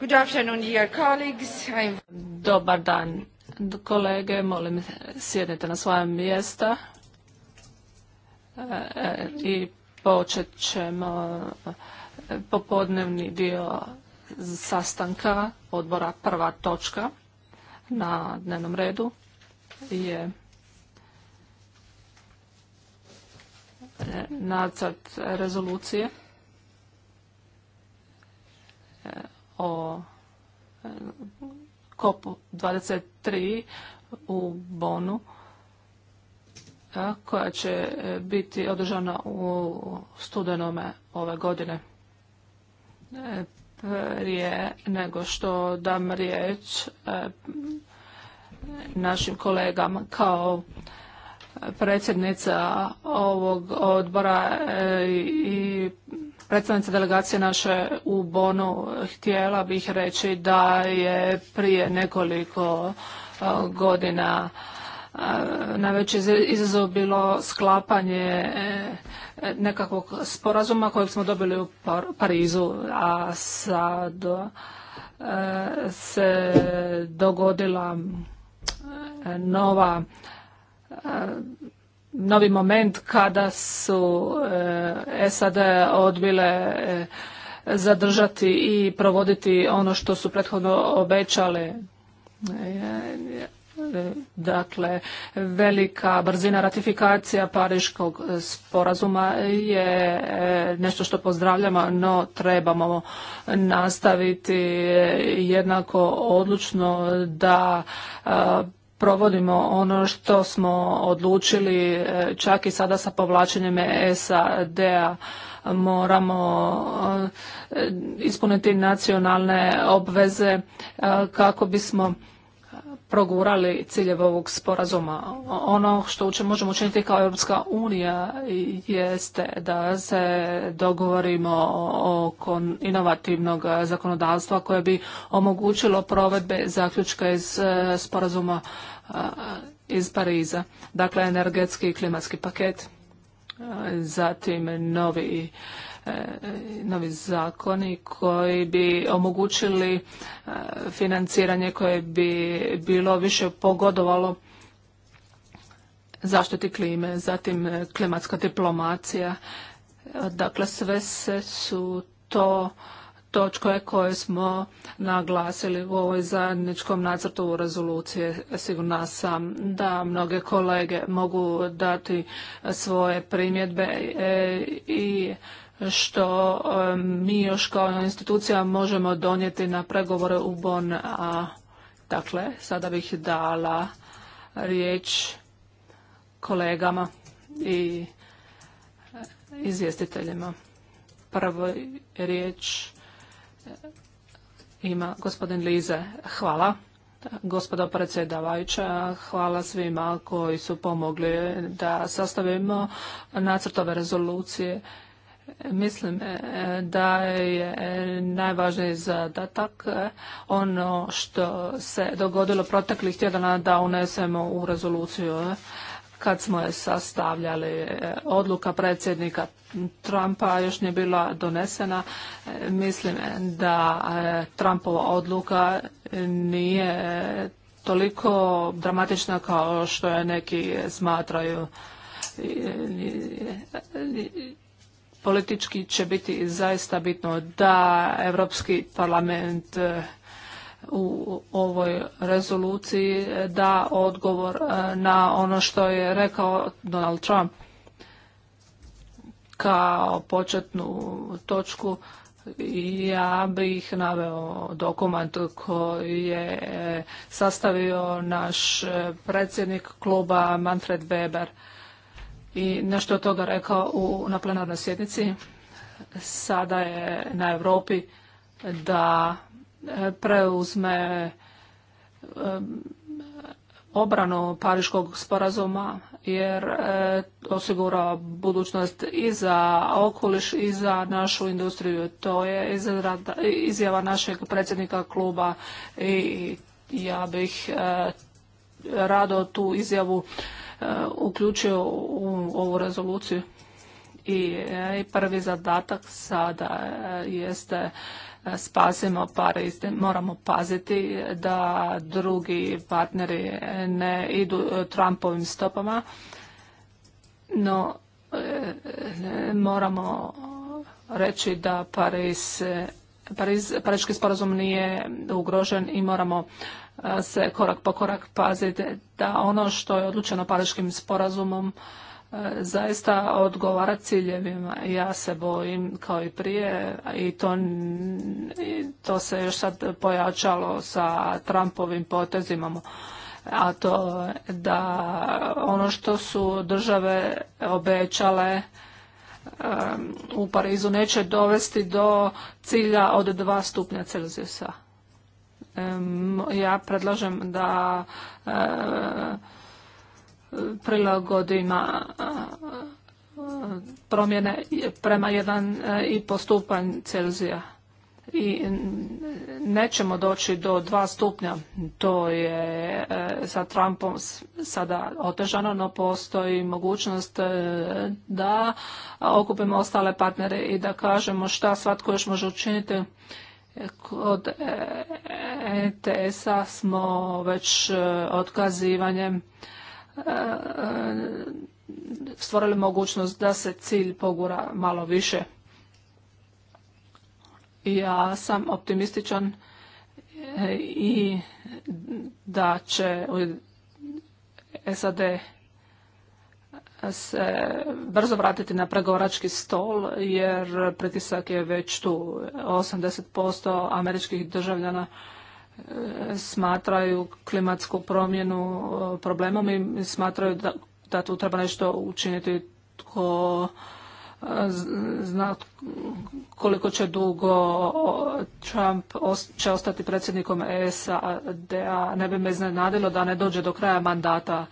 Good afternoon, Dobar dan, kolege. Molim, sjednite na svoja mjesta e, i počet ćemo e, popodnevni dio sastanka odbora prva točka na dnevnom redu je e, nacrt rezolucije o e, kopu 23 u Bonu e, koja će e, biti održana u studenome ove godine. Prije nego što dam riječ našim kolegama kao predsjednica ovog odbora i predstavnica delegacije naše u Bonu htjela bih reći da je prije nekoliko godina najveći izazov bilo sklapanje e, nekakvog sporazuma kojeg smo dobili u Parizu, a sad e, se dogodila e, nova novi moment kada su e, SAD odbile e, zadržati i provoditi ono što su prethodno obećale. E, dakle, velika brzina ratifikacija Pariškog sporazuma je nešto što pozdravljamo, no trebamo nastaviti jednako odlučno da provodimo ono što smo odlučili e, čak i sada sa povlačenjem SAD-a moramo e, ispuniti nacionalne obveze e, kako bismo progurali ciljeve ovog sporazuma. Ono što možemo učiniti kao Europska unija jeste da se dogovorimo oko inovativnog zakonodavstva koje bi omogućilo provedbe zaključka iz e, sporazuma e, iz Pariza. Dakle, energetski i klimatski paket, e, zatim novi E, novi zakoni koji bi omogućili e, financiranje koje bi bilo više pogodovalo zaštiti klime, zatim e, klimatska diplomacija. Dakle, sve se su to točke koje smo naglasili u ovoj zajedničkom nacrtu u rezolucije. Sigurna sam da mnoge kolege mogu dati svoje primjedbe i što mi još kao institucija možemo donijeti na pregovore u Bon. A, dakle, sada bih dala riječ kolegama i izvjestiteljima. Prvo riječ ima gospodin Lize. Hvala. Gospodo predsjedavajuća, hvala svima koji su pomogli da sastavimo nacrtove rezolucije Mislim e, da je najvažniji zadatak e, ono što se dogodilo proteklih tjedana da unesemo u rezoluciju e, kad smo je sastavljali. Odluka predsjednika Trumpa još nije bila donesena. Mislim da Trumpova odluka nije toliko dramatična kao što je neki smatraju politički će biti zaista bitno da Europski parlament e, u ovoj rezoluciji da odgovor e, na ono što je rekao Donald Trump kao početnu točku ja bih naveo dokument koji je e, sastavio naš predsjednik kluba Manfred Weber i nešto toga rekao u, na plenarnoj sjednici. Sada je na Europi da e, preuzme e, obranu Pariškog sporazuma jer e, osigura budućnost i za okoliš i za našu industriju. To je izjava našeg predsjednika kluba i ja bih rado tu izjavu uključio u ovu rezoluciju i e, prvi zadatak sada e, jeste e, spasimo pare Moramo paziti da drugi partneri ne idu Trumpovim stopama, no moramo reći da paris Pariz, sporazum nije ugrožen i moramo e, se korak po korak paziti da ono što je odlučeno Pariškim sporazumom e, zaista odgovara ciljevima. Ja se bojim kao i prije i to, i to se još sad pojačalo sa Trumpovim potezima a to da ono što su države obećale u Parizu neće dovesti do cilja od 2 stupnja Celzijusa. Ja predlažem da eh, prilagodima eh, promjene prema 1,5 eh, stupanj Celzija i nećemo doći do dva stupnja. To je e, sa Trumpom sada otežano, no postoji mogućnost e, da okupimo ostale partnere i da kažemo šta svatko još može učiniti. Kod ETS-a e smo već otkazivanjem stvorili mogućnost da se cilj pogura malo više. Ja sam optimističan e, i da će SAD se brzo vratiti na pregovarački stol jer pritisak je već tu. 80% američkih državljana e, smatraju klimatsku promjenu e, problemom i smatraju da, da tu treba nešto učiniti tko zna koliko će dugo Trump će ostati predsjednikom SAD-a. Ne bi me iznenadilo da ne dođe do kraja mandata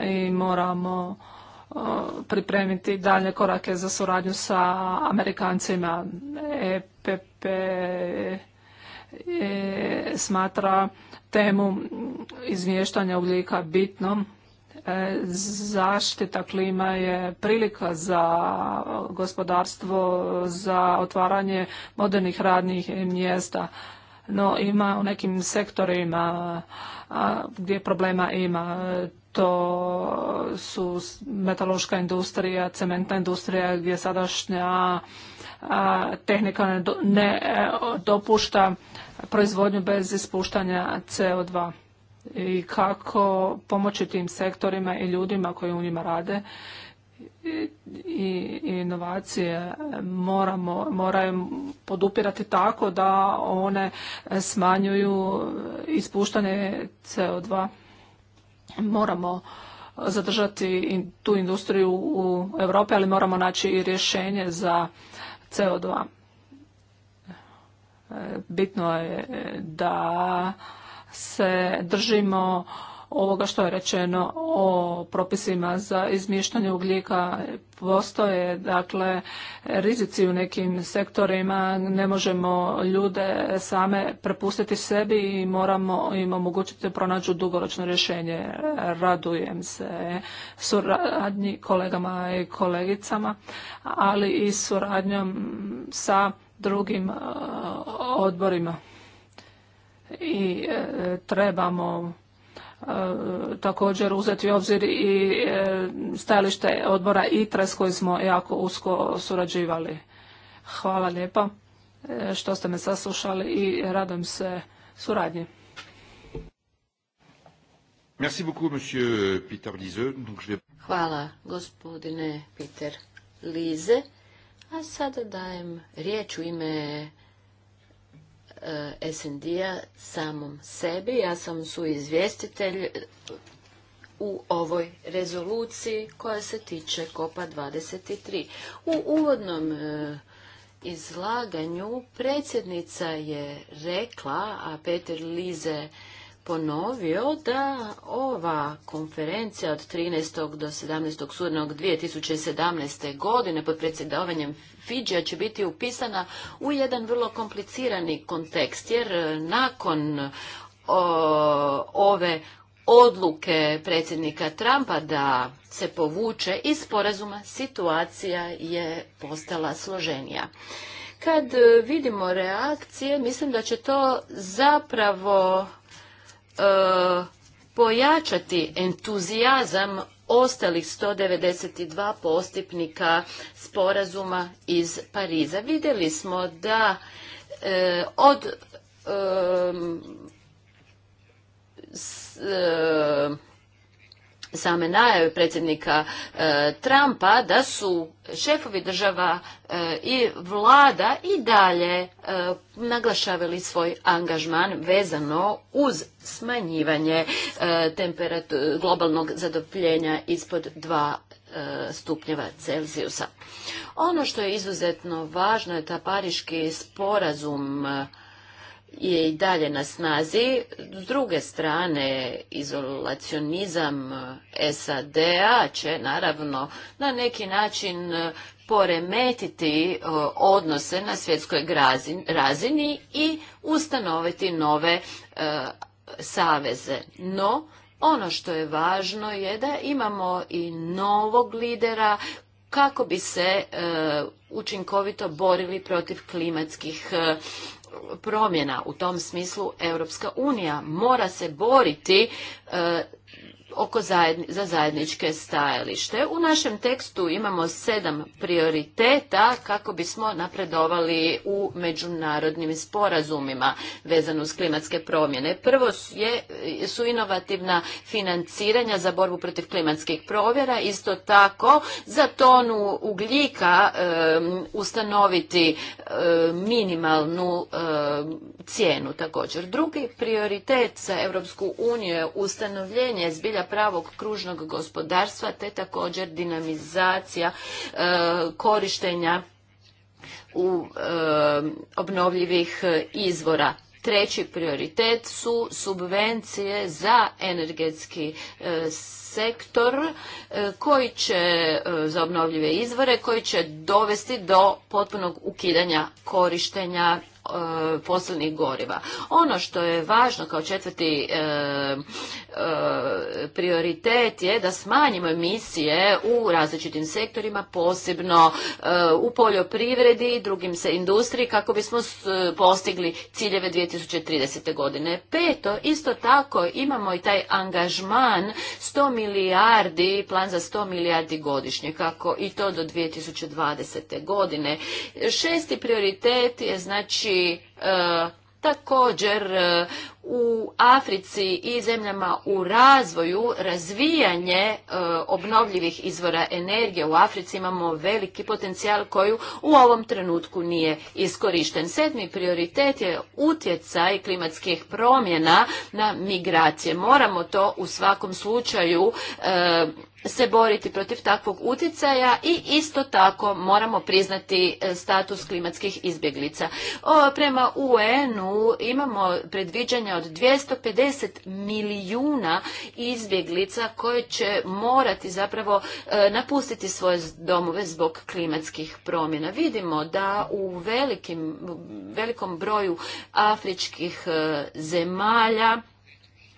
i moramo e, pripremiti dalje korake za suradnju sa Amerikancima. EPP smatra temu izvještanja ugljika bitnom E, zaštita klima je prilika za gospodarstvo, za otvaranje modernih radnih mjesta. No ima u nekim sektorima gdje problema ima. To su metaloška industrija, cementna industrija gdje sadašnja tehnika ne e, dopušta proizvodnju bez ispuštanja CO2 i kako pomoći tim sektorima i ljudima koji u njima rade i, inovacije moramo, moraju podupirati tako da one smanjuju ispuštanje CO2. Moramo zadržati tu industriju u Europi, ali moramo naći i rješenje za CO2. E, bitno je da se držimo ovoga što je rečeno o propisima za izmištanje ugljika postoje, dakle rizici u nekim sektorima, ne možemo ljude same prepustiti sebi i moramo im omogućiti da pronađu dugoročno rješenje. Radujem se suradnji kolegama i kolegicama, ali i suradnjom sa drugim e, odborima i e, trebamo e, također uzeti u obzir i e, stajalište odbora ITRA s kojim smo jako usko surađivali. Hvala lijepa što ste me saslušali i radujem se suradnji. Hvala gospodine Peter Lize. A sada dajem riječ u ime E, SND-a samom sebi. Ja sam suizvjestitelj u ovoj rezoluciji koja se tiče Kopa 23. U uvodnom e, izlaganju predsjednica je rekla, a Peter Lize ponovio da ova konferencija od 13. do 17. sudnog 2017. godine pod predsjedavanjem Fidžija će biti upisana u jedan vrlo komplicirani kontekst, jer nakon ove odluke predsjednika Trumpa da se povuče iz sporazuma, situacija je postala složenija. Kad vidimo reakcije, mislim da će to zapravo E, pojačati entuzijazam ostalih 192 postipnika sporazuma iz Pariza. Vidjeli smo da e, od e, same najave predsjednika e, Trumpa da su šefovi država e, i vlada i dalje e, naglašavali svoj angažman vezano uz smanjivanje globalnog zadopljenja ispod dva stupnjeva Celzijusa. Ono što je izuzetno važno je ta pariški sporazum je i dalje na snazi. S druge strane, izolacionizam eh, SAD-a će naravno na neki način eh, poremetiti eh, odnose na svjetskoj razini i ustanoviti nove saveze. No, ono što je važno je da imamo i novog lidera kako bi se učinkovito borili protiv klimatskih promjena. U tom smislu Europska unija mora se boriti e, oko za zajedničke stajalište. U našem tekstu imamo sedam prioriteta kako bismo napredovali u međunarodnim sporazumima vezano uz klimatske promjene. Prvo je, su inovativna financiranja za borbu protiv klimatskih provjera, isto tako za tonu ugljika ustanoviti minimalnu cijenu također. Drugi prioritet za Europsku uniju je ustanovljenje zbilja pravog kružnog gospodarstva te također dinamizacija e, korištenja u e, obnovljivih e, izvora. Treći prioritet su subvencije za energetski sektor koji će za obnovljive izvore koji će dovesti do potpunog ukidanja korištenja E, fosilnih goriva. Ono što je važno kao četvrti e, e, prioritet je da smanjimo emisije u različitim sektorima, posebno u poljoprivredi i drugim se industriji kako bismo postigli ciljeve 2030. godine. Peto, isto tako imamo i taj angažman 100 milijardi, plan za 100 milijardi godišnje kako i to do 2020. godine. Šesti prioritet je znači E, također e, u Africi i zemljama u razvoju razvijanje e, obnovljivih izvora energije u Africi imamo veliki potencijal koji u ovom trenutku nije iskorišten. Sedmi prioritet je utjecaj klimatskih promjena na migracije. Moramo to u svakom slučaju e, se boriti protiv takvog utjecaja i isto tako moramo priznati e, status klimatskih izbjeglica. prema UN-u imamo predviđanja manje od 250 milijuna izbjeglica koje će morati zapravo e, napustiti svoje domove zbog klimatskih promjena. Vidimo da u velikim, velikom broju afričkih e, zemalja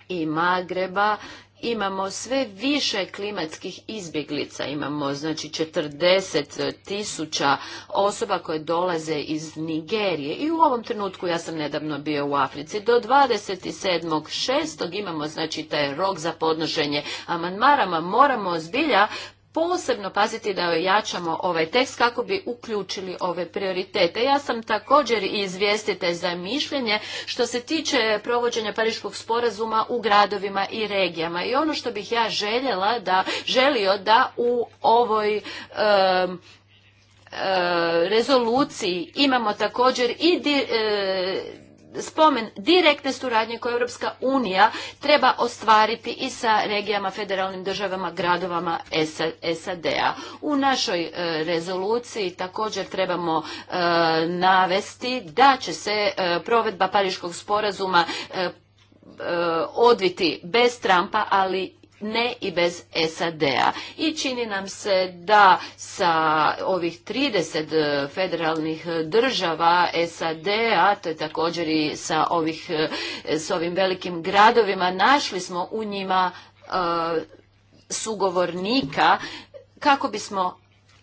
i Magreba imamo sve više klimatskih izbjeglica. Imamo znači 40 tisuća osoba koje dolaze iz Nigerije. I u ovom trenutku, ja sam nedavno bio u Africi, do 27.6. imamo znači taj rok za podnošenje amandmarama. Moramo zbilja posebno paziti da ojačamo ovaj tekst kako bi uključili ove prioritete. Ja sam također i za mišljenje što se tiče provođenja Pariškog sporazuma u gradovima i regijama. I ono što bih ja željela da, želio da u ovoj rezoluciji imamo također i e, spomen direktne suradnje koje Europska unija treba ostvariti i sa regijama, federalnim državama, gradovama SAD-a. U našoj e, rezoluciji također trebamo e, navesti da će se e, provedba Pariškog sporazuma odviti bez Trumpa, ali ne i bez SAD-a. I čini nam se da sa ovih 30 e, federalnih država SAD-a, to je također i sa ovih, e, s ovim velikim gradovima, našli smo u njima e, sugovornika kako bismo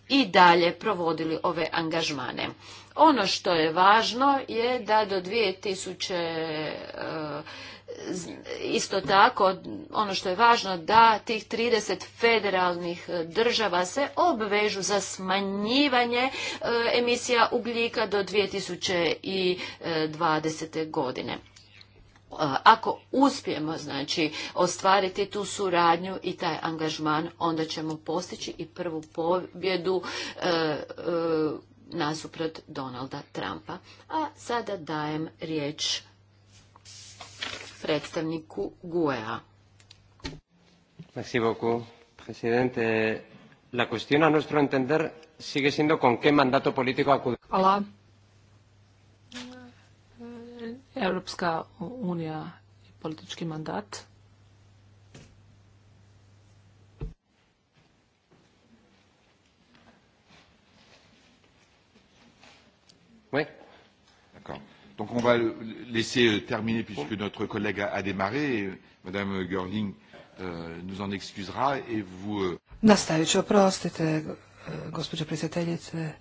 i dalje provodili ove angažmane. Ono što je važno je da do 2000 e, isto tako ono što je važno da tih 30 federalnih e, država se obvežu za smanjivanje e, emisija ugljika do 2020. godine e, ako uspijemo znači ostvariti tu suradnju i taj angažman onda ćemo postići i prvu pobjedu e, nasuprot Donalda Trumpa a sada dajem riječ predstavniku GUEA. Merci beaucoup, presidente. La cuestión a nuestro entender sigue siendo con qué mandato político acudir. Hvala. Europska unija i politički mandat. Oui. Donc on va laisser euh, terminer puisque notre collègue a, démarré. Et euh, Madame Görling euh, nous en excusera et vous... Euh... Nastavit ću, oprostite, e, gospođo predsjedateljice.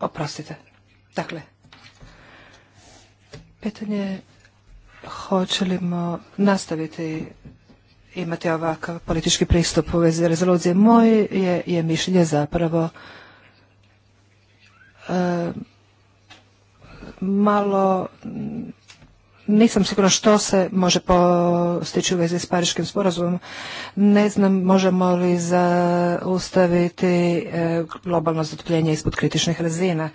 Oprostite. Dakle, pitanje je hoćemo nastaviti imati ovakav politički pristup u vezi rezolucije. Moje je, je mišljenje zapravo e, malo nisam sigurna što se može postići u vezi s Pariškim sporazumom. Ne znam možemo li zaustaviti e, globalno zatopljenje ispod kritičnih razina.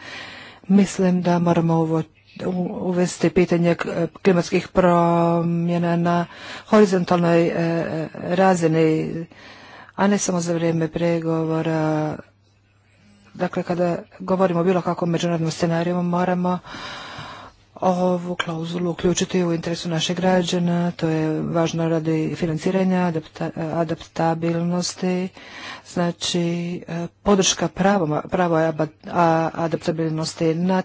Mislim da moramo uvoći uvesti pitanje klimatskih promjena na horizontalnoj e, e, razini, a ne samo za vrijeme pregovora. Dakle, kada govorimo bilo kakvom međunarodnom scenariju, moramo ovu klauzulu uključiti u interesu naših građana, to je važno radi financiranja, adaptabilnosti, znači e, podrška pravo, adaptabilnosti na,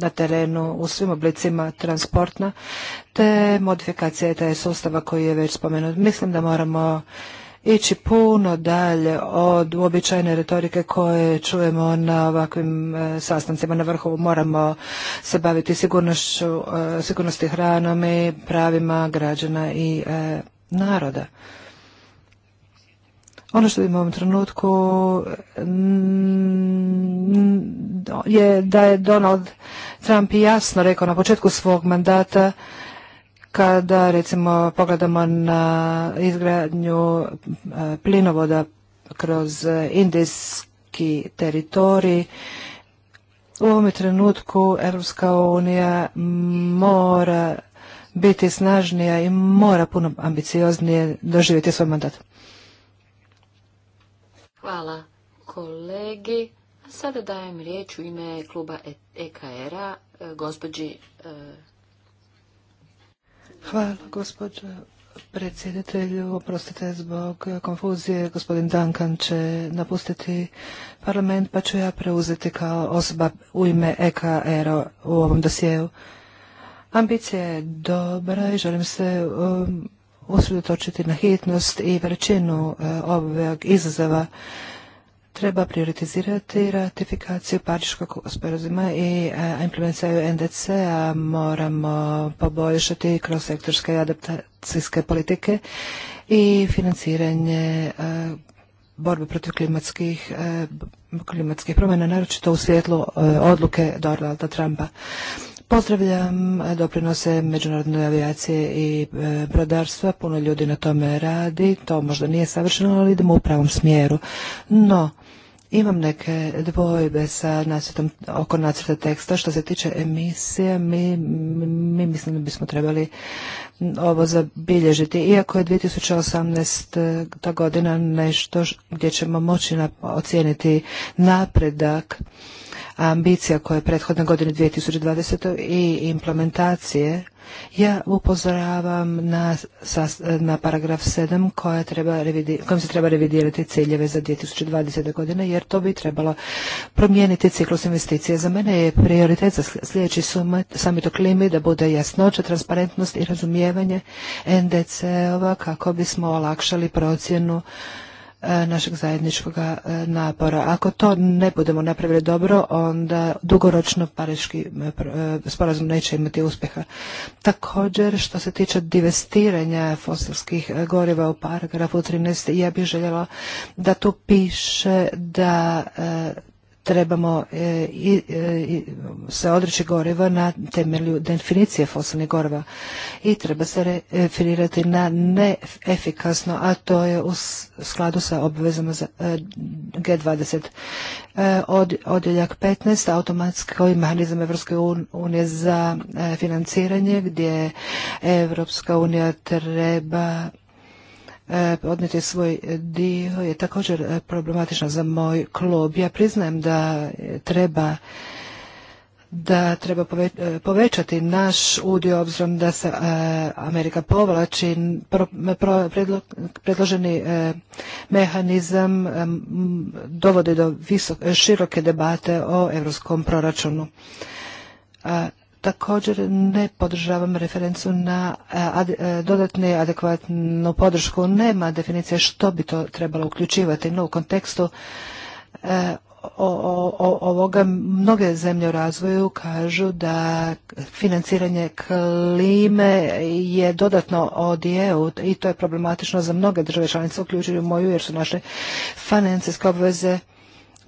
na terenu u svim oblicima transportna, te modifikacija taj sustava koji je već spomenut. Mislim da moramo ići puno dalje od uobičajene retorike koje čujemo na ovakvim e, sastancima na vrhu. Moramo se baviti e, sigurnosti hranom i pravima građana i e, naroda. Ono što imamo u ovom trenutku mm, je da je Donald Trump jasno rekao na početku svog mandata kada recimo pogledamo na izgradnju e, plinovoda kroz indijski teritorij, u ovom trenutku Europska unija mora biti snažnija i mora puno ambicioznije doživjeti svoj mandat. Hvala kolegi. A sada dajem riječ u ime kluba EKR-a e e, gospođi Hvala, gospođo predsjedatelju. Oprostite zbog konfuzije. Gospodin Duncan će napustiti parlament, pa ću ja preuzeti kao osoba u ime ekr u ovom dosjeu. Ambicija je dobra i želim se um, usredotočiti na hitnost i veličinu uh, ovog izazova treba prioritizirati ratifikaciju Pariškog sporazuma i e, implementaciju NDC-a moramo poboljšati kroz sektorske i adaptacijske politike i financiranje e, borbe protiv klimatskih, e, klimatskih promjena, naročito u svjetlu odluke Donalda Trumpa. Pozdravljam doprinose međunarodne avijacije i brodarstva. Puno ljudi na tome radi. To možda nije savršeno, ali idemo u pravom smjeru. No, imam neke dvojbe sa nacrtom, oko nacrta teksta. Što se tiče emisije, mi, mislim da bismo trebali ovo zabilježiti. Iako je 2018. ta godina nešto gdje ćemo moći ocijeniti napredak ambicija koja je prethodne godine 2020. i implementacije, ja upozoravam na, paragraf 7 koja se treba revidirati ciljeve za 2020. godine jer to bi trebalo promijeniti ciklus investicije. Za mene je prioritet za sljedeći summit o klimi da bude jasnoća, transparentnost i razumijevanje NDC-ova kako bismo olakšali procjenu E, našeg zajedničkog e, napora. Ako to ne budemo napravili dobro, onda dugoročno pariški e, sporazum neće imati uspjeha. Također, što se tiče divestiranja fosilskih goriva u paragrafu 13, ja bih željela da tu piše da trebamo e, e, se odreći goriva na temelju definicije fosilnih goriva i treba se referirati na neefikasno, a to je u skladu sa obvezama za e, G20. odjeljak 15, automatski mehanizam Evropske unije za financiranje, gdje Evropska unija treba E, odnijeti svoj dio je također e, problematično za moj klub. Ja priznajem da treba da treba e, povećati naš udio obzirom da se Amerika povlači predloženi mehanizam dovodi do široke debate o europskom proračunu. Također ne podržavam referencu na e, e, dodatnu adekvatnu podršku. Nema definicije što bi to trebalo uključivati, no u kontekstu e, ovoga mnoge zemlje u razvoju kažu da financiranje klime je dodatno od EU i to je problematično za mnoge države članice, uključuju moju jer su naše financijske obveze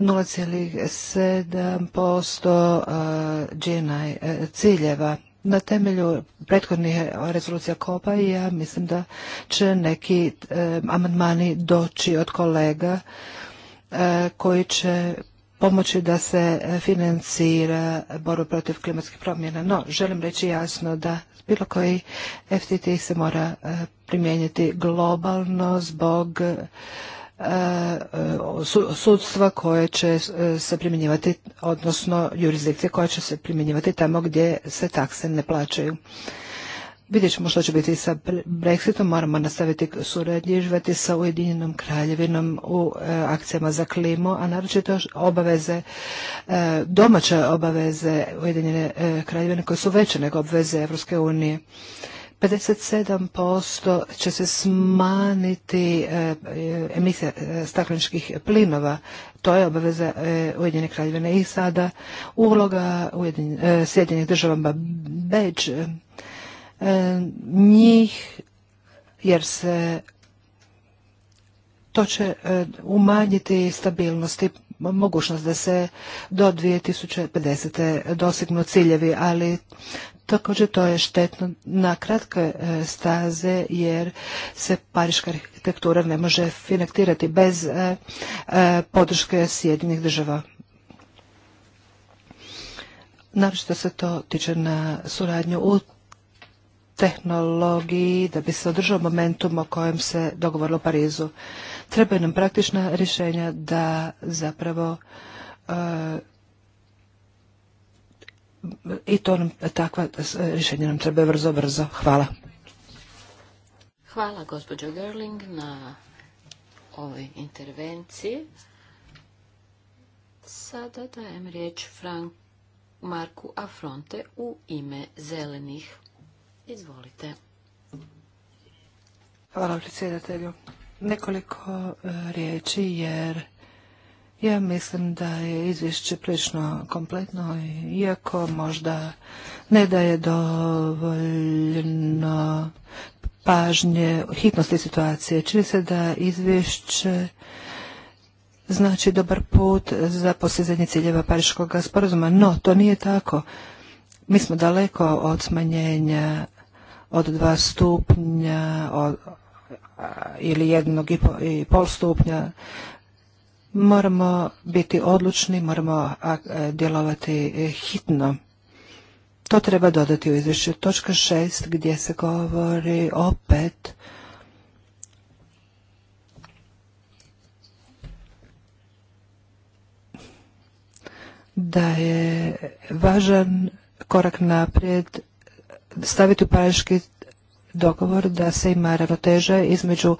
0,7% eh, GNI eh, ciljeva. Na temelju prethodnih rezolucija kopa i ja mislim da će neki eh, amandmani doći od kolega koji će pomoći da se financira boru protiv klimatskih promjena. No, želim reći jasno da bilo koji FTT se mora primijeniti globalno zbog sudstva koje će e, se primjenjivati, odnosno jurisdikcije koje će se primjenjivati tamo gdje se takse ne plaćaju. Vidjet ćemo što će biti sa Brexitom, moramo nastaviti surađivati sa Ujedinjenom kraljevinom u e, akcijama za klimu, a naročito obaveze, e, domaće obaveze Ujedinjene kraljevine koje su veće nego obveze Evropske unije. 57% će se smaniti eh, emisija eh, stakleničkih plinova. To je obaveza eh, Ujedinjene kraljevine i sada uloga Sjedinjenih država Beđ, njih jer se to će umanjiti stabilnost i mogućnost da se do 2050. dosignu ciljevi, ali Također to je štetno na kratke e, staze jer se pariška arhitektura ne može financirati bez e, e, podrške Sjedinjenih država. što se to tiče na suradnju u tehnologiji da bi se održao momentum o kojem se dogovorilo u Parizu. Trebaju nam praktična rješenja da zapravo i to nam, takva rješenja nam treba vrzo, brzo. Hvala. Hvala gospođo Gerling na ovoj intervenciji. Sada dajem riječ Frank Marku Afronte u ime zelenih. Izvolite. Hvala predsjedatelju. Nekoliko e, riječi jer ja mislim da je izvješće prilično kompletno, iako možda ne daje dovoljno pažnje hitnosti situacije. Čini se da izvješće znači dobar put za posljednje ciljeva Pariškog sporazuma, no to nije tako. Mi smo daleko od smanjenja od dva stupnja ili jednog i pol stupnja Moramo biti odlučni, moramo djelovati e, hitno. To treba dodati u izvješću. Točka šest gdje se govori opet da je važan korak naprijed staviti u pariški dogovor da se ima ravnoteža između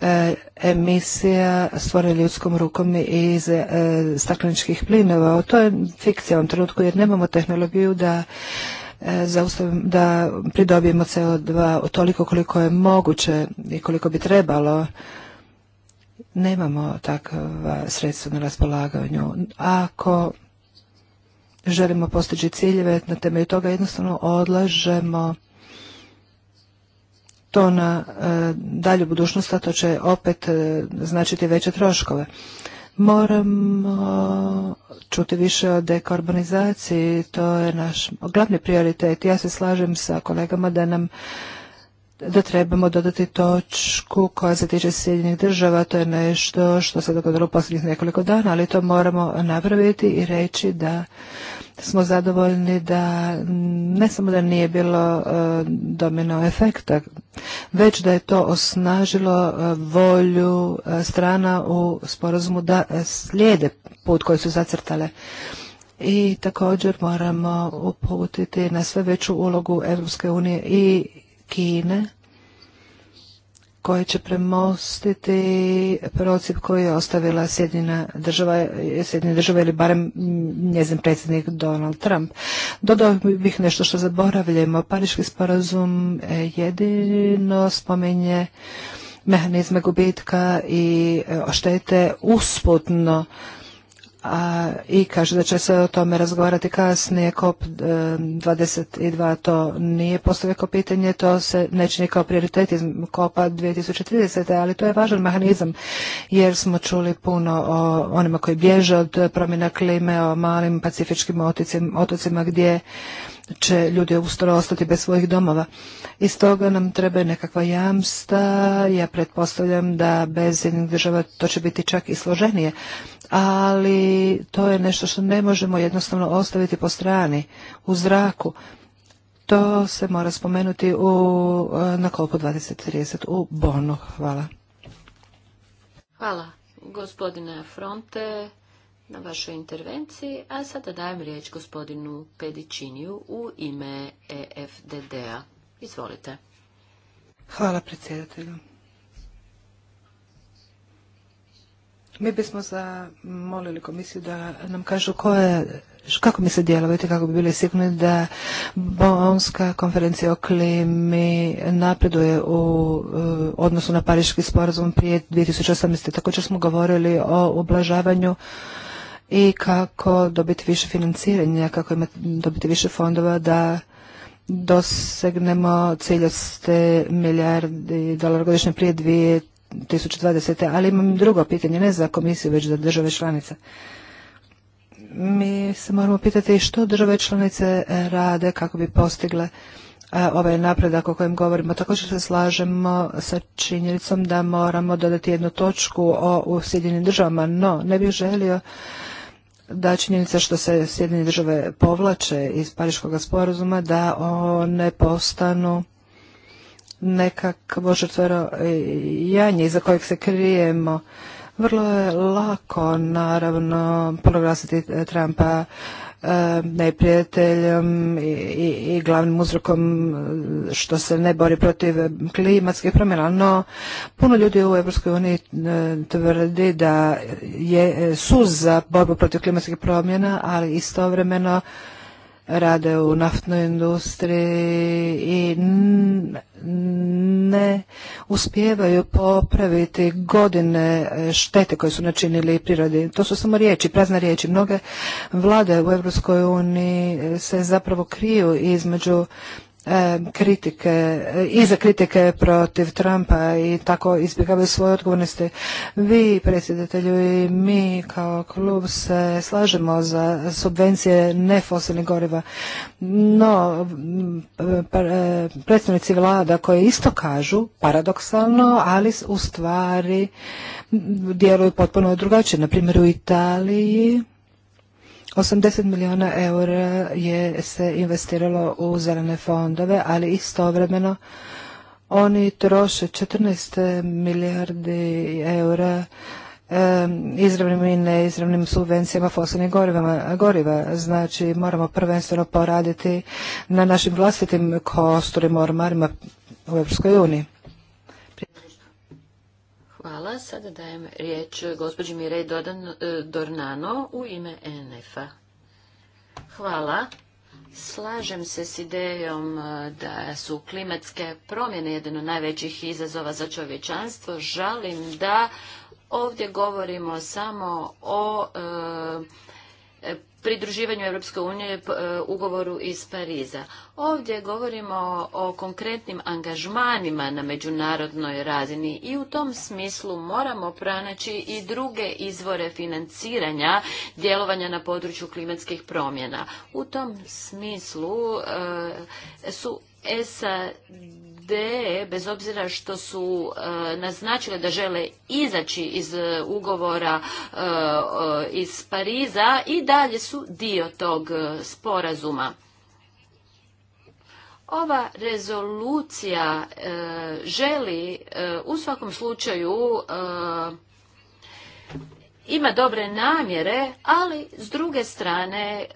e, emisija stvore ljudskom rukom iz e, stakleničkih plinova. to je fikcija u ovom trenutku jer nemamo tehnologiju da e, da pridobijemo CO2 toliko koliko je moguće i koliko bi trebalo. Nemamo takva sredstva na raspolaganju. Ako želimo postići ciljeve, na temelju toga jednostavno odlažemo to na e, dalju budućnost, a to će opet e, značiti veće troškove. Moramo čuti više o dekarbonizaciji, to je naš glavni prioritet. Ja se slažem sa kolegama da nam da trebamo dodati točku koja se tiče Sjedinjenih država, to je nešto što se dogodilo u posljednjih nekoliko dana, ali to moramo napraviti i reći da smo zadovoljni da ne samo da nije bilo e, domino efekta, već da je to osnažilo e, volju e, strana u sporazumu da slijede put koji su zacrtale i također moramo uputiti na sve veću ulogu Europske unije i Kine koje će premostiti procip koji je ostavila Sjedina država, država ili barem njezin predsjednik Donald Trump. Dodao bih nešto što zaboravljamo. Pariški sporazum jedino spominje mehanizme gubitka i štete usputno a, i kaže da će se o tome razgovarati kasnije. COP22 e, to nije postavio kao pitanje, to se neće ni kao prioritet iz COP-a 2030. Ali to je važan mehanizam jer smo čuli puno o onima koji bježe od promjena klime, o malim pacifičkim otocima, otocima gdje će ljudi ustalo ostati bez svojih domova. I stoga nam treba nekakva jamsta. Ja pretpostavljam da bez jednog država to će biti čak i složenije ali to je nešto što ne možemo jednostavno ostaviti po strani, u zraku. To se mora spomenuti u, eh, na kolpu 2030 u Bonu. Hvala. Hvala, gospodine Fronte, na vašoj intervenciji, a sada dajem riječ gospodinu Pedičiniju u ime EFDD-a. Izvolite. Hvala predsjedatelju. Mi bismo zamolili komisiju da nam kažu koje, kako mi se djelovati, kako bi bili sigurni da Bonska konferencija o klimi napreduje u e, odnosu na Pariški sporazum prije 2018. Također smo govorili o ublažavanju i kako dobiti više financiranja, kako imati, dobiti više fondova da dosegnemo cilj od milijardi dolara godišnje prije 2020. Ali imam drugo pitanje, ne za komisiju, već za države članice. Mi se moramo pitati što države članice e, rade kako bi postigle e, ovaj napredak o kojem govorimo. Također se slažemo sa činjenicom da moramo dodati jednu točku o Sjedinim državama, no ne bih želio da činjenica što se Sjedinje države povlače iz Pariškog sporazuma da one postanu nekakvo žrtvarojanje e, iza kojeg se krijemo. Vrlo je lako, naravno, proglasiti Trumpa e, neprijateljem i, glavnim uzrokom e, što se ne bori protiv klimatskih promjena. No, puno ljudi u EU tvrdi da je, su za borbu protiv klimatskih promjena, ali istovremeno rade u naftnoj industriji i ne uspijevaju popraviti godine e, štete koje su načinili prirodi. To su samo riječi, prazne riječi. Mnoge vlade u Europskoj uniji e, se zapravo kriju između kritike e, i za kritike protiv Trumpa i tako izbjegavaju svoje odgovornosti. Vi, predsjedatelju, i mi kao klub se slažemo za subvencije nefosilnih goriva. No, e, predstavnici vlada koje isto kažu, paradoksalno, ali u stvari djeluju potpuno drugačije. Na primjer, u Italiji 80 milijuna eura je se investiralo u zelene fondove, ali istovremeno oni troše 14 milijardi eura izravnim i neizravnim subvencijama fosilnih goriva. Znači moramo prvenstveno poraditi na našim vlastitim kosturima, ormarima u Europskoj uniji. Hvala. Sada dajem riječ gospođi Mirej eh, Dornano u ime NF-a. Hvala. Slažem se s idejom eh, da su klimatske promjene jedan od najvećih izazova za čovječanstvo. Žalim da ovdje govorimo samo o eh, pridruživanju Europske unije e, ugovoru iz Pariza. Ovdje govorimo o konkretnim angažmanima na međunarodnoj razini i u tom smislu moramo pronaći i druge izvore financiranja djelovanja na području klimatskih promjena. U tom smislu e, su SAD ideje, bez obzira što su e, naznačile da žele izaći iz e, ugovora e, iz Pariza i dalje su dio tog sporazuma. Ova rezolucija želi u svakom slučaju ima dobre namjere, ali s druge strane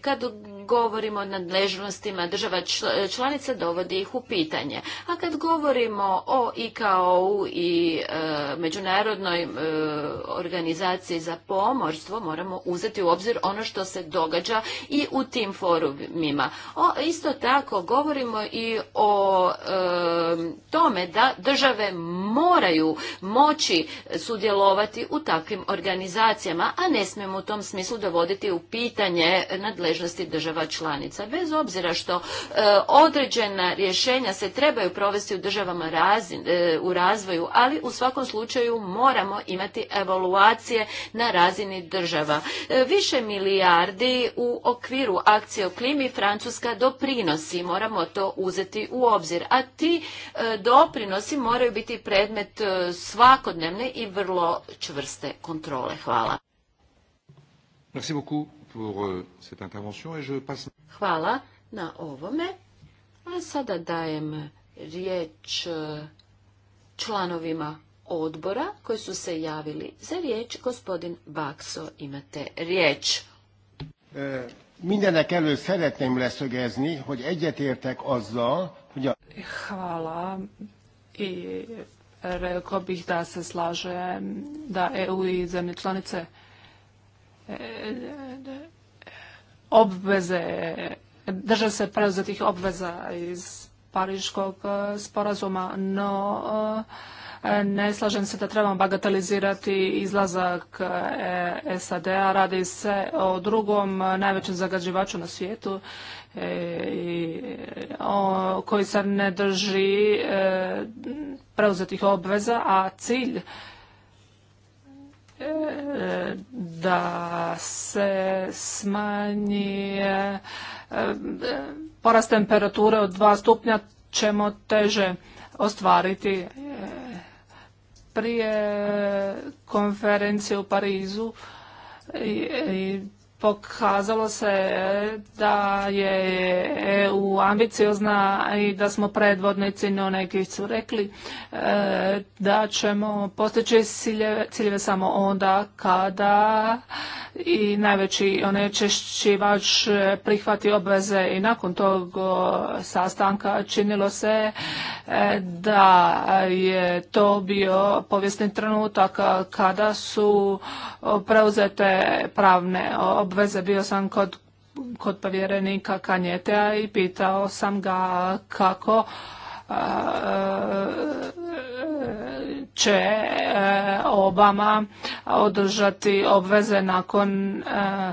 kad govorimo o nadležnostima država članica, dovodi ih u pitanje. A kad govorimo o IKO-u i e, Međunarodnoj e, organizaciji za pomorstvo, moramo uzeti u obzir ono što se događa i u tim forumima. isto tako govorimo i o e, tome da države moraju moći sudjelovati u takvim organizacijama, a ne smijemo u tom smislu dovoditi u pitanje nadležnosti država država članica. Bez obzira što e, određena rješenja se trebaju provesti u državama e, u razvoju, ali u svakom slučaju moramo imati evaluacije na razini država. E, više milijardi u okviru akcije o klimi Francuska doprinosi, moramo to uzeti u obzir, a ti doprinosi moraju biti predmet svakodnevne i vrlo čvrste kontrole. Hvala. Euh, Hvala na ovome. A sada dajem riječ e, članovima odbora koji su se javili za riječ. Gospodin Bakso, imate riječ. E, szeretném leszögezni, hogy egyetértek azzal, Hvala. I rekao bih da se slaže da EU i zemlje članice obveze, drže se preuzetih obveza iz Pariškog e, sporazuma, no e, ne slažem se da trebamo bagatelizirati izlazak e, SAD-a. Radi se o drugom najvećem zagađivaču na svijetu koji se ne drži preuzetih obveza, a cilj da se smanji eh, porast temperature od 2 stupnja ćemo teže ostvariti. Prije konferencije u Parizu i pokazalo se e, da je EU ambiciozna i da smo predvodnici, no neki su rekli e, da ćemo postići ciljeve samo onda kada i najveći onečešćivač prihvati obveze i nakon tog sastanka činilo se e, da je to bio povijesni trenutak kada su preuzete pravne obveze. Bio sam kod kod povjerenika Kanjetea i pitao sam ga kako e, će e, Obama održati obveze nakon e,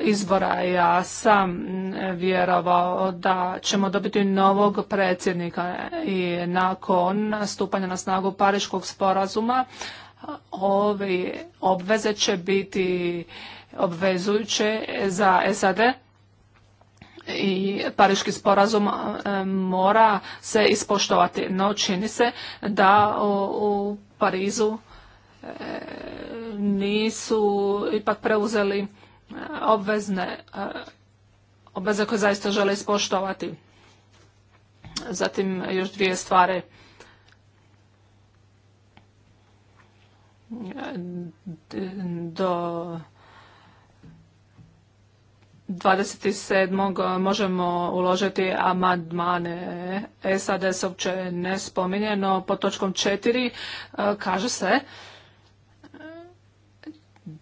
izbora. Ja sam vjerovao da ćemo dobiti novog predsjednika i nakon stupanja na snagu Pariškog sporazuma ove obveze će biti obvezujuće za SAD i Pariški sporazum e, mora se ispoštovati. No čini se da u Parizu e, nisu ipak preuzeli e, obvezne obveze koje zaista žele ispoštovati. Zatim još dvije stvari. Do 27. Eh, možemo uložiti amandmane. SAD se uopće ne spominje, no pod točkom 4 eh, kaže se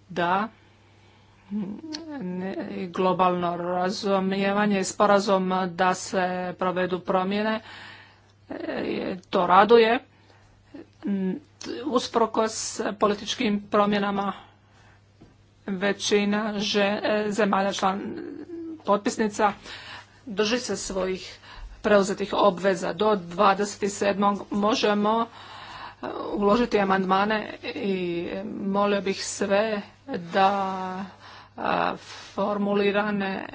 da globalno razumijevanje i sporazum da se provedu promjene eh, to raduje s političkim promjenama većina e, zemalja član potpisnica drži se svojih preuzetih obveza. Do 27. možemo e, uložiti amandmane i molio bih sve da e, formulirane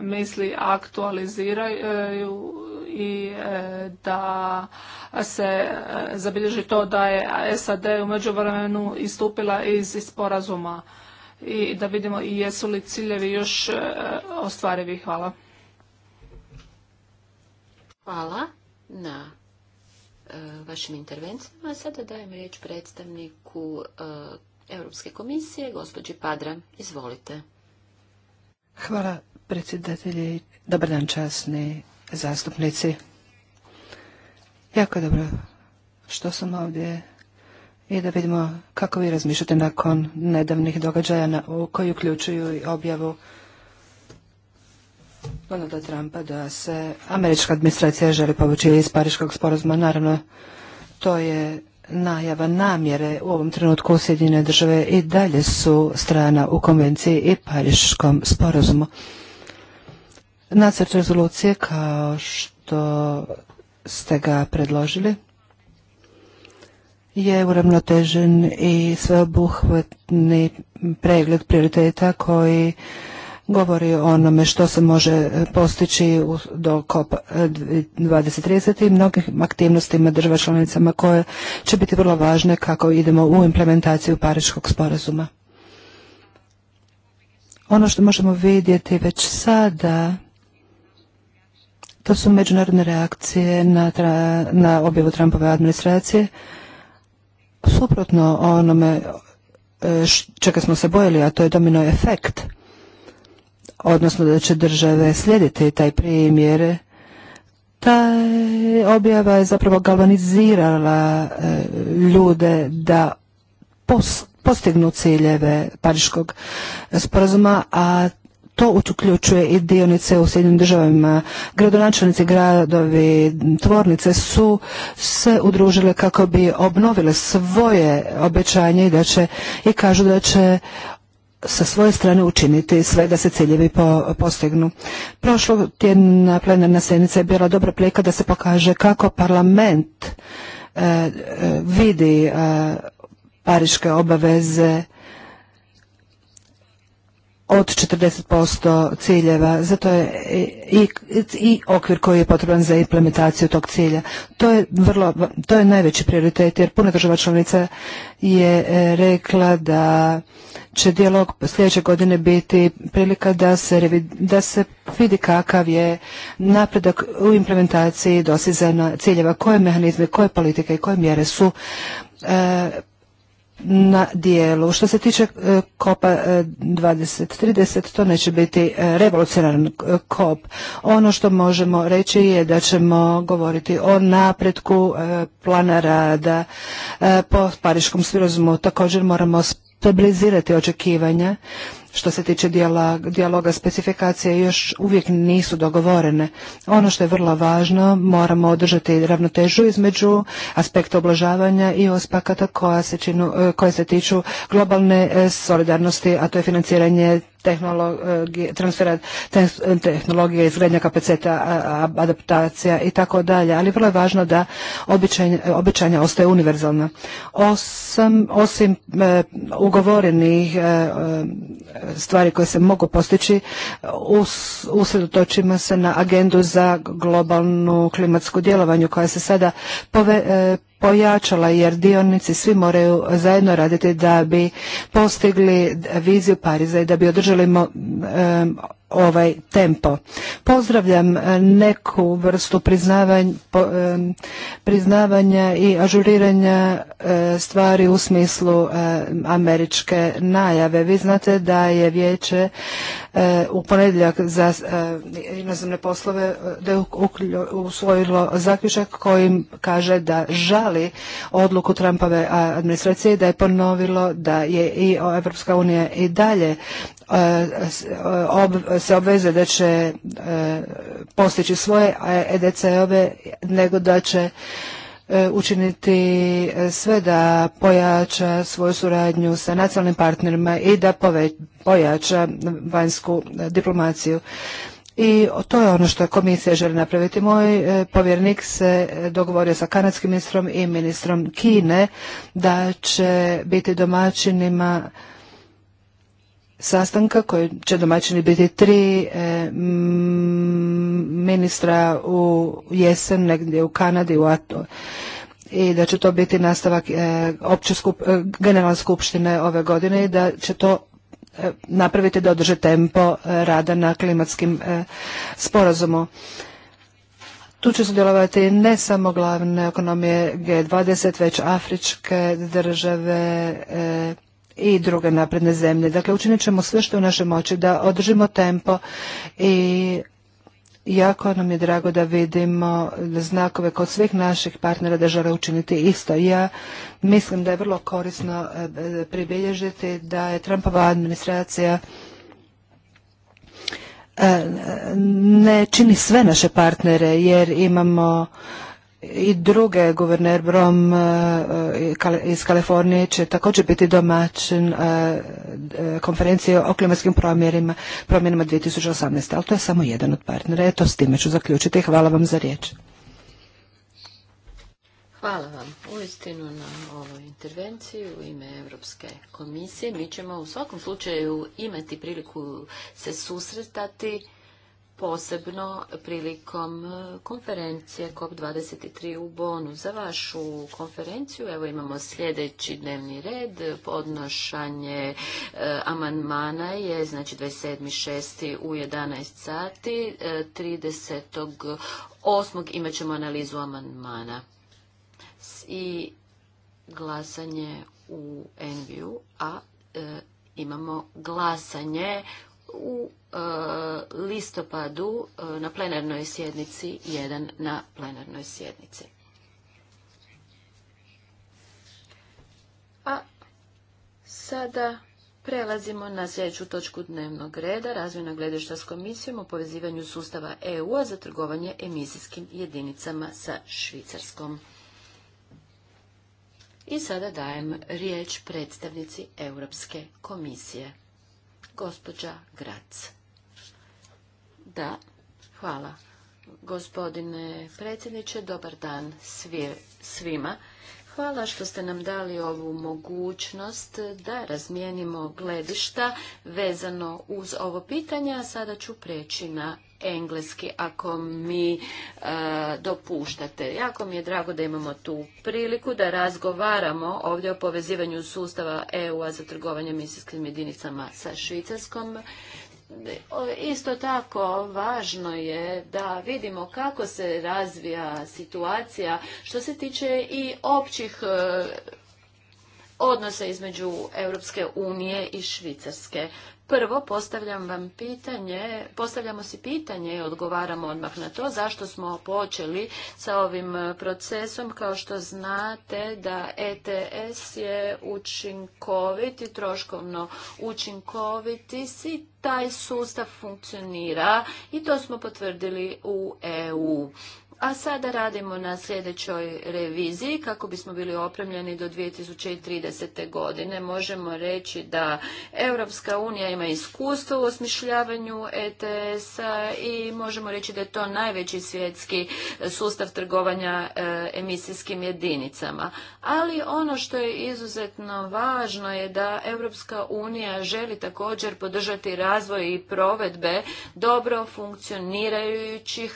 misli aktualiziraju i da se zabilježi to da je SAD u međuvremenu istupila iz sporazuma i da vidimo i jesu li ciljevi još e, ostvarivi. Hvala. Hvala na e, vašim intervencijama. Sada dajem riječ predstavniku e, Europske komisije, gospođi Padra. Izvolite. Hvala predsjedatelji. Dobar dan časni zastupnici. Jako dobro što sam ovdje i da vidimo kako vi razmišljate nakon nedavnih događaja na, koji uključuju i objavu Donalda Trumpa da se američka administracija želi povući iz Pariškog sporazuma. Naravno, to je najava namjere u ovom trenutku Sjedinjene države i dalje su strana u konvenciji i Pariškom sporazumu. Nacrt rezolucije kao što ste ga predložili je uravnotežen i sveobuhvatni pregled prioriteta koji govori o onome što se može postići do COP 2030 i mnogih aktivnostima država članicama koje će biti vrlo važne kako idemo u implementaciju Pariškog sporazuma. Ono što možemo vidjeti već sada to su međunarodne reakcije na, na objavu Trumpove administracije suprotno onome e, čega smo se bojili, a to je domino efekt, odnosno da će države slijediti taj primjer, ta objava je zapravo galvanizirala e, ljude da postignu ciljeve Pariškog sporazuma, a to uključuje i dionice u Sjedinim državama. Gradonačelnici, gradovi, tvornice su se udružile kako bi obnovile svoje obećanje i da će i kažu da će sa svoje strane učiniti sve da se ciljevi po, postignu. Prošlog tjedna plenarna sjednica je bila dobra prilika da se pokaže kako parlament eh, eh, vidi eh, pariške obaveze od 40% ciljeva, zato je i, okvir koji je potreban za implementaciju tog cilja. To je, vrlo, to je najveći prioritet jer puna država članica je e, rekla da će dijalog sljedeće godine biti prilika da se, vidi kakav je napredak u implementaciji dosizana ciljeva, koje mehanizme, koje politike i koje mjere su e, na dijelu. Što se tiče e, kopa 2030, e, to neće biti e, revolucionaran kop. Ono što možemo reći je da ćemo govoriti o napretku plana rada po Pariškom svirozumu. Također moramo stabilizirati očekivanja što se tiče dijaloga specifikacije još uvijek nisu dogovorene. Ono što je vrlo važno, moramo održati ravnotežu između aspekta oblažavanja i ospakata koja se e, koje se tiču globalne e, solidarnosti, a to je financiranje tehnologije, transfera tehnologije, izgradnja kapaciteta, adaptacija i tako dalje. Ali vrlo je važno da obećanja običanja ostaje univerzalna. osim e, ugovorenih stvari koje se mogu postići usredotočimo se na agendu za globalnu klimatsku djelovanju koja se sada pove, e, pojačala jer dionici svi moraju zajedno raditi da bi postigli viziju Pariza i da bi održali ovaj tempo. Pozdravljam eh, neku vrstu priznavanja, priznavanja i ažuriranja eh, stvari u smislu eh, američke najave. Vi znate da je vijeće E, u ponedjeljak za e, inozemne poslove e, da je usvojilo zaključak kojim kaže da žali odluku Trumpove administracije da je ponovilo da je i Evropska unija i dalje se obveze da će postići svoje EDC-ove nego da će E, učiniti e, sve da pojača svoju suradnju sa nacionalnim partnerima i da pojača vanjsku e, diplomaciju. I to je ono što komisija želi napraviti. Moj povjernik se dogovorio sa kanadskim ministrom i ministrom Kine da će biti domaćinima sastanka koji će domaćini biti tri e, ministra u jesen negdje u Kanadi u Ato i da će to biti nastavak e, opće e, generalne skupštine ove godine i da će to napraviti da održe tempo rada na klimatskim sporazumu. Tu će sudjelovati ne samo glavne ekonomije G20, već afričke države, i druge napredne zemlje. Dakle, učinit ćemo sve što je u našoj moći da održimo tempo i jako nam je drago da vidimo znakove kod svih naših partnera da žele učiniti isto. Ja mislim da je vrlo korisno e, e, pribilježiti da je Trumpova administracija e, ne čini sve naše partnere jer imamo i druge guverner Brom e, e, iz Kalifornije će također biti domaćin e, konferencije o klimatskim promjenima 2018. Ali to je samo jedan od partnera. To s time ću zaključiti. Hvala vam za riječ. Hvala vam istinu na ovoj intervenciji u ime Europske komisije. Mi ćemo u svakom slučaju imati priliku se susretati posebno prilikom e, konferencije COP23 u Bonu. Za vašu konferenciju evo imamo sljedeći dnevni red, podnošanje e, amandmana je znači 27.6. u 11 sati, e, 30.8. imat ćemo analizu amandmana i glasanje u Enviju, a e, imamo glasanje u e, listopadu e, na plenarnoj sjednici, jedan na plenarnoj sjednici. A sada prelazimo na sljedeću točku dnevnog reda, razvojna gledešta s komisijom o povezivanju sustava eu za trgovanje emisijskim jedinicama sa Švicarskom. I sada dajem riječ predstavnici Europske komisije. Gospođa Grac. Da, hvala. Gospodine predsjedniče, dobar dan svima. Hvala što ste nam dali ovu mogućnost da razmijenimo gledišta vezano uz ovo pitanje, a sada ću preći na engleski ako mi e, dopuštate. Jako mi je drago da imamo tu priliku da razgovaramo ovdje o povezivanju sustava EU-a za trgovanje misijskim jedinicama sa Švicarskom. Isto tako važno je da vidimo kako se razvija situacija što se tiče i općih e, odnosa između Europske unije i Švicarske. Prvo, postavljam vam pitanje, postavljamo si pitanje i odgovaramo odmah na to zašto smo počeli sa ovim e, procesom. Kao što znate da ETS je učinkovit i troškovno učinkoviti si taj sustav funkcionira i to smo potvrdili u EU. A sada radimo na sljedećoj reviziji kako bismo bili opremljeni do 2030. godine. Možemo reći da Europska unija ima iskustvo u osmišljavanju ETS-a i možemo reći da je to najveći svjetski sustav trgovanja e, emisijskim jedinicama. Ali ono što je izuzetno važno je da Europska unija želi također podržati razvoj i provedbe dobro funkcionirajućih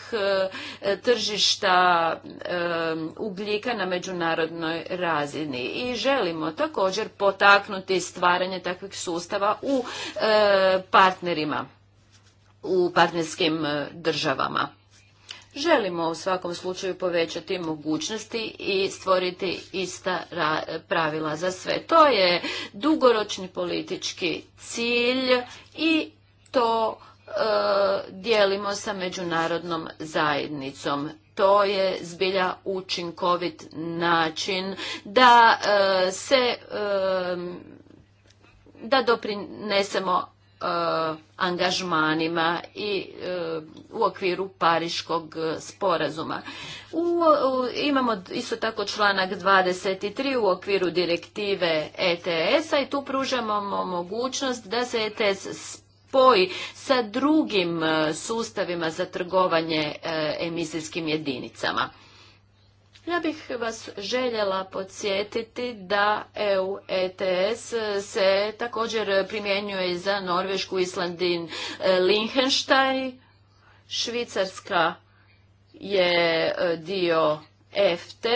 e, tržišta ugljika na međunarodnoj razini i želimo također potaknuti stvaranje takvih sustava u eh, partnerima u partnerskim eh, državama. Želimo u svakom slučaju povećati mogućnosti i stvoriti ista pravila za sve. To je dugoročni politički cilj i to eh, dijelimo sa međunarodnom zajednicom to je zbilja učinkovit način da e, se e, da doprinesemo e, angažmanima i u okviru pariškog sporazuma. imamo isto tako članak 23 u okviru direktive ETS-a i tu pružamo mogućnost da se ETS spoji sa drugim e, sustavima za trgovanje e, emisijskim jedinicama. Ja bih vas željela podsjetiti da EU ETS se također primjenjuje za Norvešku, Islandin, e, Linhenštaj. Švicarska je dio EFT,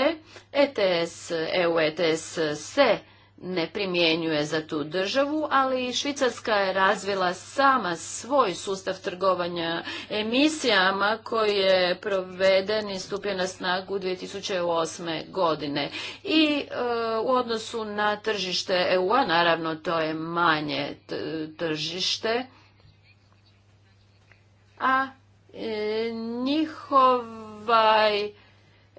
ETS, EU ETS se ne primjenjuje za tu državu, ali Švicarska je razvila sama svoj sustav trgovanja emisijama koji je proveden i stupio na snagu 2008. godine. I e, u odnosu na tržište EU-a, naravno to je manje tržište, a e, njihovaj ovaj,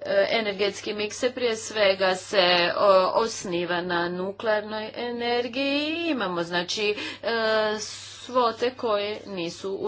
E, energetski mikse prije svega se osniva na nuklearnoj energiji. Imamo znači e, svote koje nisu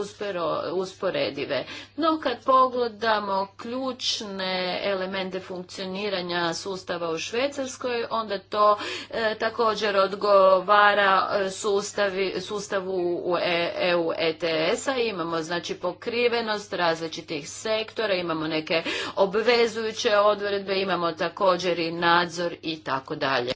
usporedive. No kad pogledamo ključne elemente funkcioniranja sustava u Švecarskoj, onda to e, također odgovara e, sustavi, sustavu u e, EU ETS-a. Imamo znači pokrivenost različitih sektora, imamo neke obvezujuće odredbe, imamo također i nadzor i tako dalje.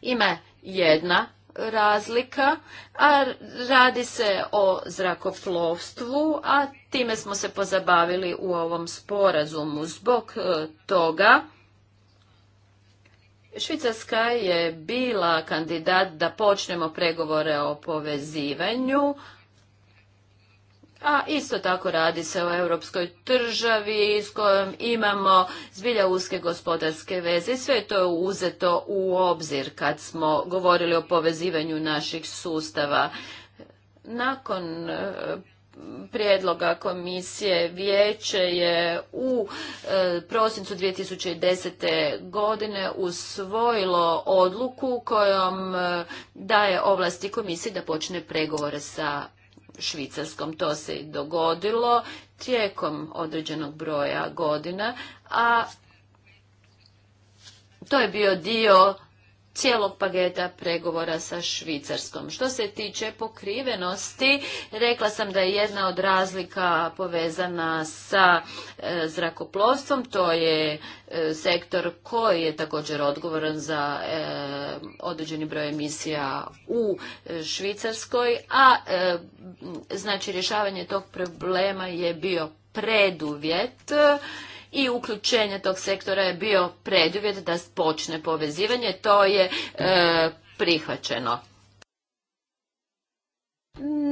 Ima jedna razlika, a radi se o zrakoplovstvu, a time smo se pozabavili u ovom sporazumu. Zbog e, toga Švicarska je bila kandidat da počnemo pregovore o povezivanju, a isto tako radi se o europskoj državi s kojom imamo zbilja uske gospodarske veze i sve to je uzeto u obzir kad smo govorili o povezivanju naših sustava. Nakon e, prijedloga komisije vijeće je u e, prosincu 2010. godine usvojilo odluku kojom e, daje ovlasti komisiji da počne pregovore sa Švicarskom. To se i dogodilo tijekom određenog broja godina, a to je bio dio cijelog pageta pregovora sa Švicarskom. Što se tiče pokrivenosti, rekla sam da je jedna od razlika povezana sa e, zrakoplovstvom, to je e, sektor koji je također odgovoran za e, određeni broj emisija u Švicarskoj, a znači rješavanje tog problema je bio preduvjet i uključenje tog sektora je bio preduvjet da počne povezivanje, to je e, prihvaćeno.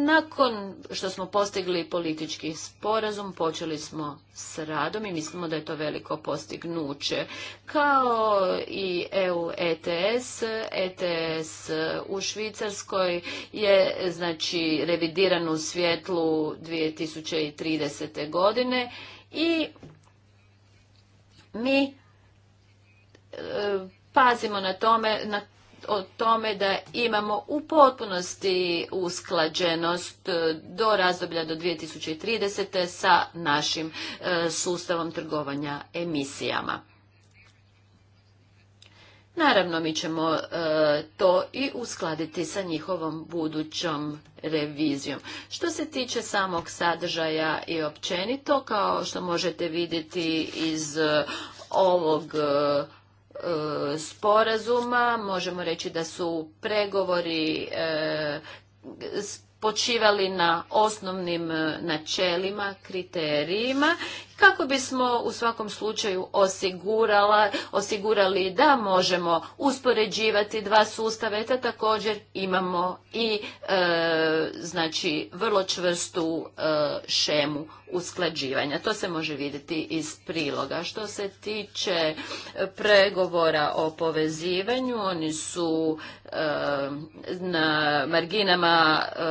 Nakon što smo postigli politički sporazum, počeli smo s radom i mislimo da je to veliko postignuće. Kao i EU ETS, ETS u Švicarskoj je znači revidiran u svjetlu 2030. godine i mi e, pazimo na tome, na o tome da imamo u potpunosti usklađenost e, do razdoblja do 2030. sa našim e, sustavom trgovanja emisijama. Naravno, mi ćemo e, to i uskladiti sa njihovom budućom revizijom. Što se tiče samog sadržaja i općenito, kao što možete vidjeti iz e, ovog e, sporazuma, možemo reći da su pregovori počivali na osnovnim načelima, kriterijima kako bismo u svakom slučaju osigurali da možemo uspoređivati dva sustava te također imamo i e, znači vrlo čvrstu e, šemu usklađivanja. To se može vidjeti iz priloga. Što se tiče pregovora o povezivanju, oni su e, na marginama e,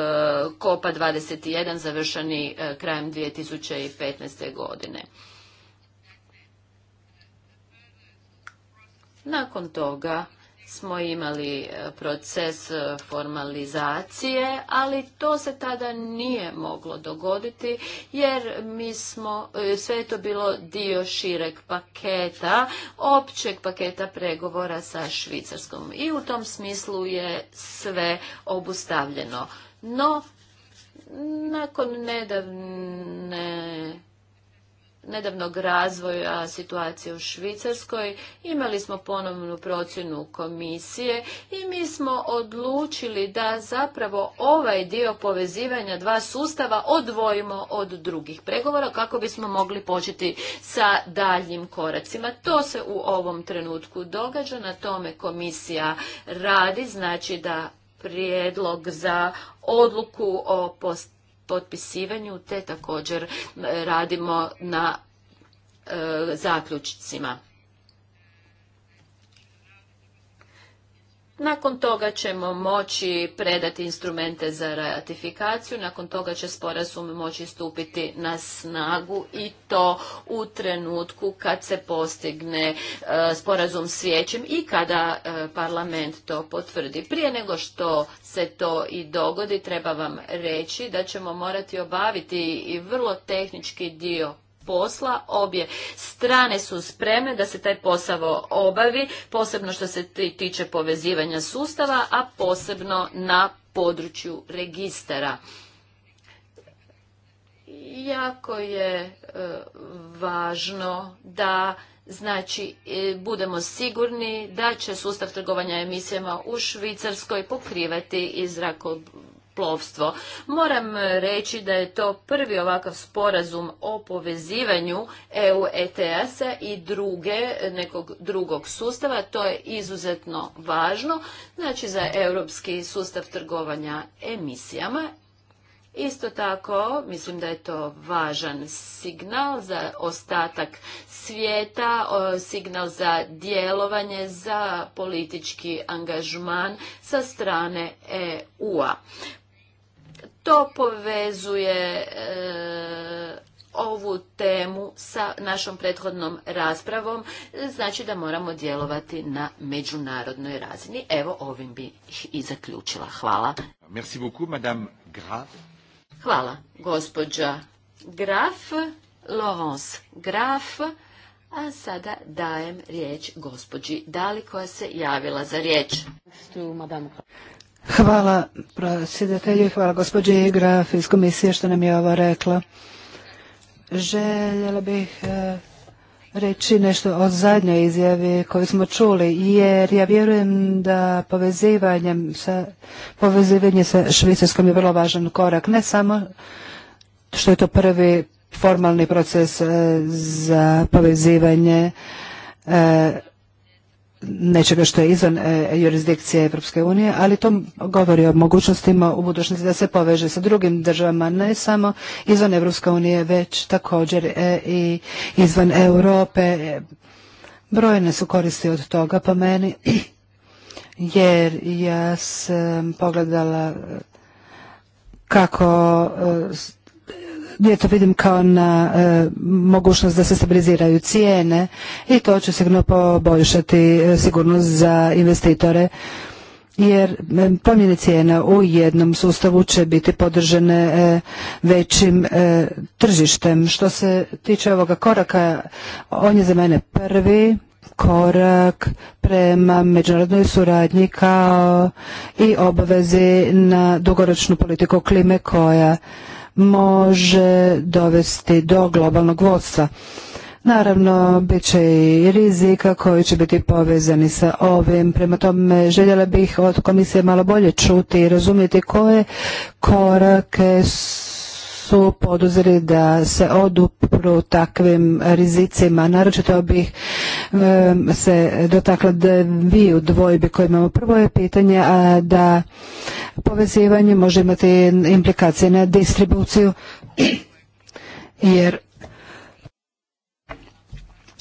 Kopa 21 završani e, krajem 2015. godine. Nakon toga smo imali e, proces e, formalizacije, ali to se tada nije moglo dogoditi jer mi smo, e, sve je to bilo dio šireg paketa, općeg paketa pregovora sa Švicarskom i u tom smislu je sve obustavljeno. No, nakon nedavne nedavnog razvoja situacije u Švicarskoj, imali smo ponovnu procjenu komisije i mi smo odlučili da zapravo ovaj dio povezivanja dva sustava odvojimo od drugih pregovora kako bismo mogli početi sa daljim koracima. To se u ovom trenutku događa, na tome komisija radi, znači da prijedlog za odluku o postavljanju potpisivanju, te također radimo na e, zaključcima. Nakon toga ćemo moći predati instrumente za ratifikaciju, nakon toga će sporazum moći stupiti na snagu i to u trenutku kad se postigne e, sporazum s vijećem i kada e, parlament to potvrdi. Prije nego što se to i dogodi, treba vam reći da ćemo morati obaviti i vrlo tehnički dio posla. Obje strane su spremne da se taj posao obavi, posebno što se tiče povezivanja sustava, a posebno na području registara. Jako je e, važno da znači e, budemo sigurni da će sustav trgovanja emisijama u Švicarskoj pokrivati i plovstvo. Moram reći da je to prvi ovakav sporazum o povezivanju EU ETS-a i druge, nekog drugog sustava. To je izuzetno važno, znači za europski sustav trgovanja emisijama. Isto tako, mislim da je to važan signal za ostatak svijeta, signal za djelovanje, za politički angažman sa strane EU-a. To povezuje e, ovu temu sa našom prethodnom raspravom, znači da moramo djelovati na međunarodnoj razini. Evo ovim bih i zaključila. Hvala. Merci beaucoup, madame Hvala, gospođa Graf, Laurence Graf. A sada dajem riječ gospođi Dali koja se javila za riječ. Hvala predsjedatelju, hvala gospođi Igraf iz komisije što nam je ovo rekla. Željela bih e, reći nešto o zadnjoj izjavi koju smo čuli, jer ja vjerujem da povezivanjem sa, povezivanje sa Švicarskom je vrlo važan korak, ne samo što je to prvi formalni proces e, za povezivanje e, nečega što je izvan e, jurisdikcije Europske unije, ali to govori o mogućnostima u budućnosti da se poveže sa drugim državama, ne samo izvan Europske unije, već također e, i izvan Europe. Brojne su koristi od toga po meni, jer ja sam pogledala kako e, ja to vidim kao na e, mogućnost da se stabiliziraju cijene i to će sigurno poboljšati e, sigurnost za investitore jer e, promjene cijena u jednom sustavu će biti podržene većim tržištem. Što se tiče ovoga koraka, on je za mene prvi korak prema međunarodnoj suradnji kao i obavezi na dugoročnu politiku klime koja može dovesti do globalnog vodstva. Naravno, bit će i rizika koji će biti povezani sa ovim. Prema tome, željela bih od komisije malo bolje čuti i razumjeti koje korake su poduzeli da se odupru takvim rizicima. Naročito bih se dotakla u dvojbi koje imamo. Prvo je pitanje da povezivanje može imati implikacije na distribuciju jer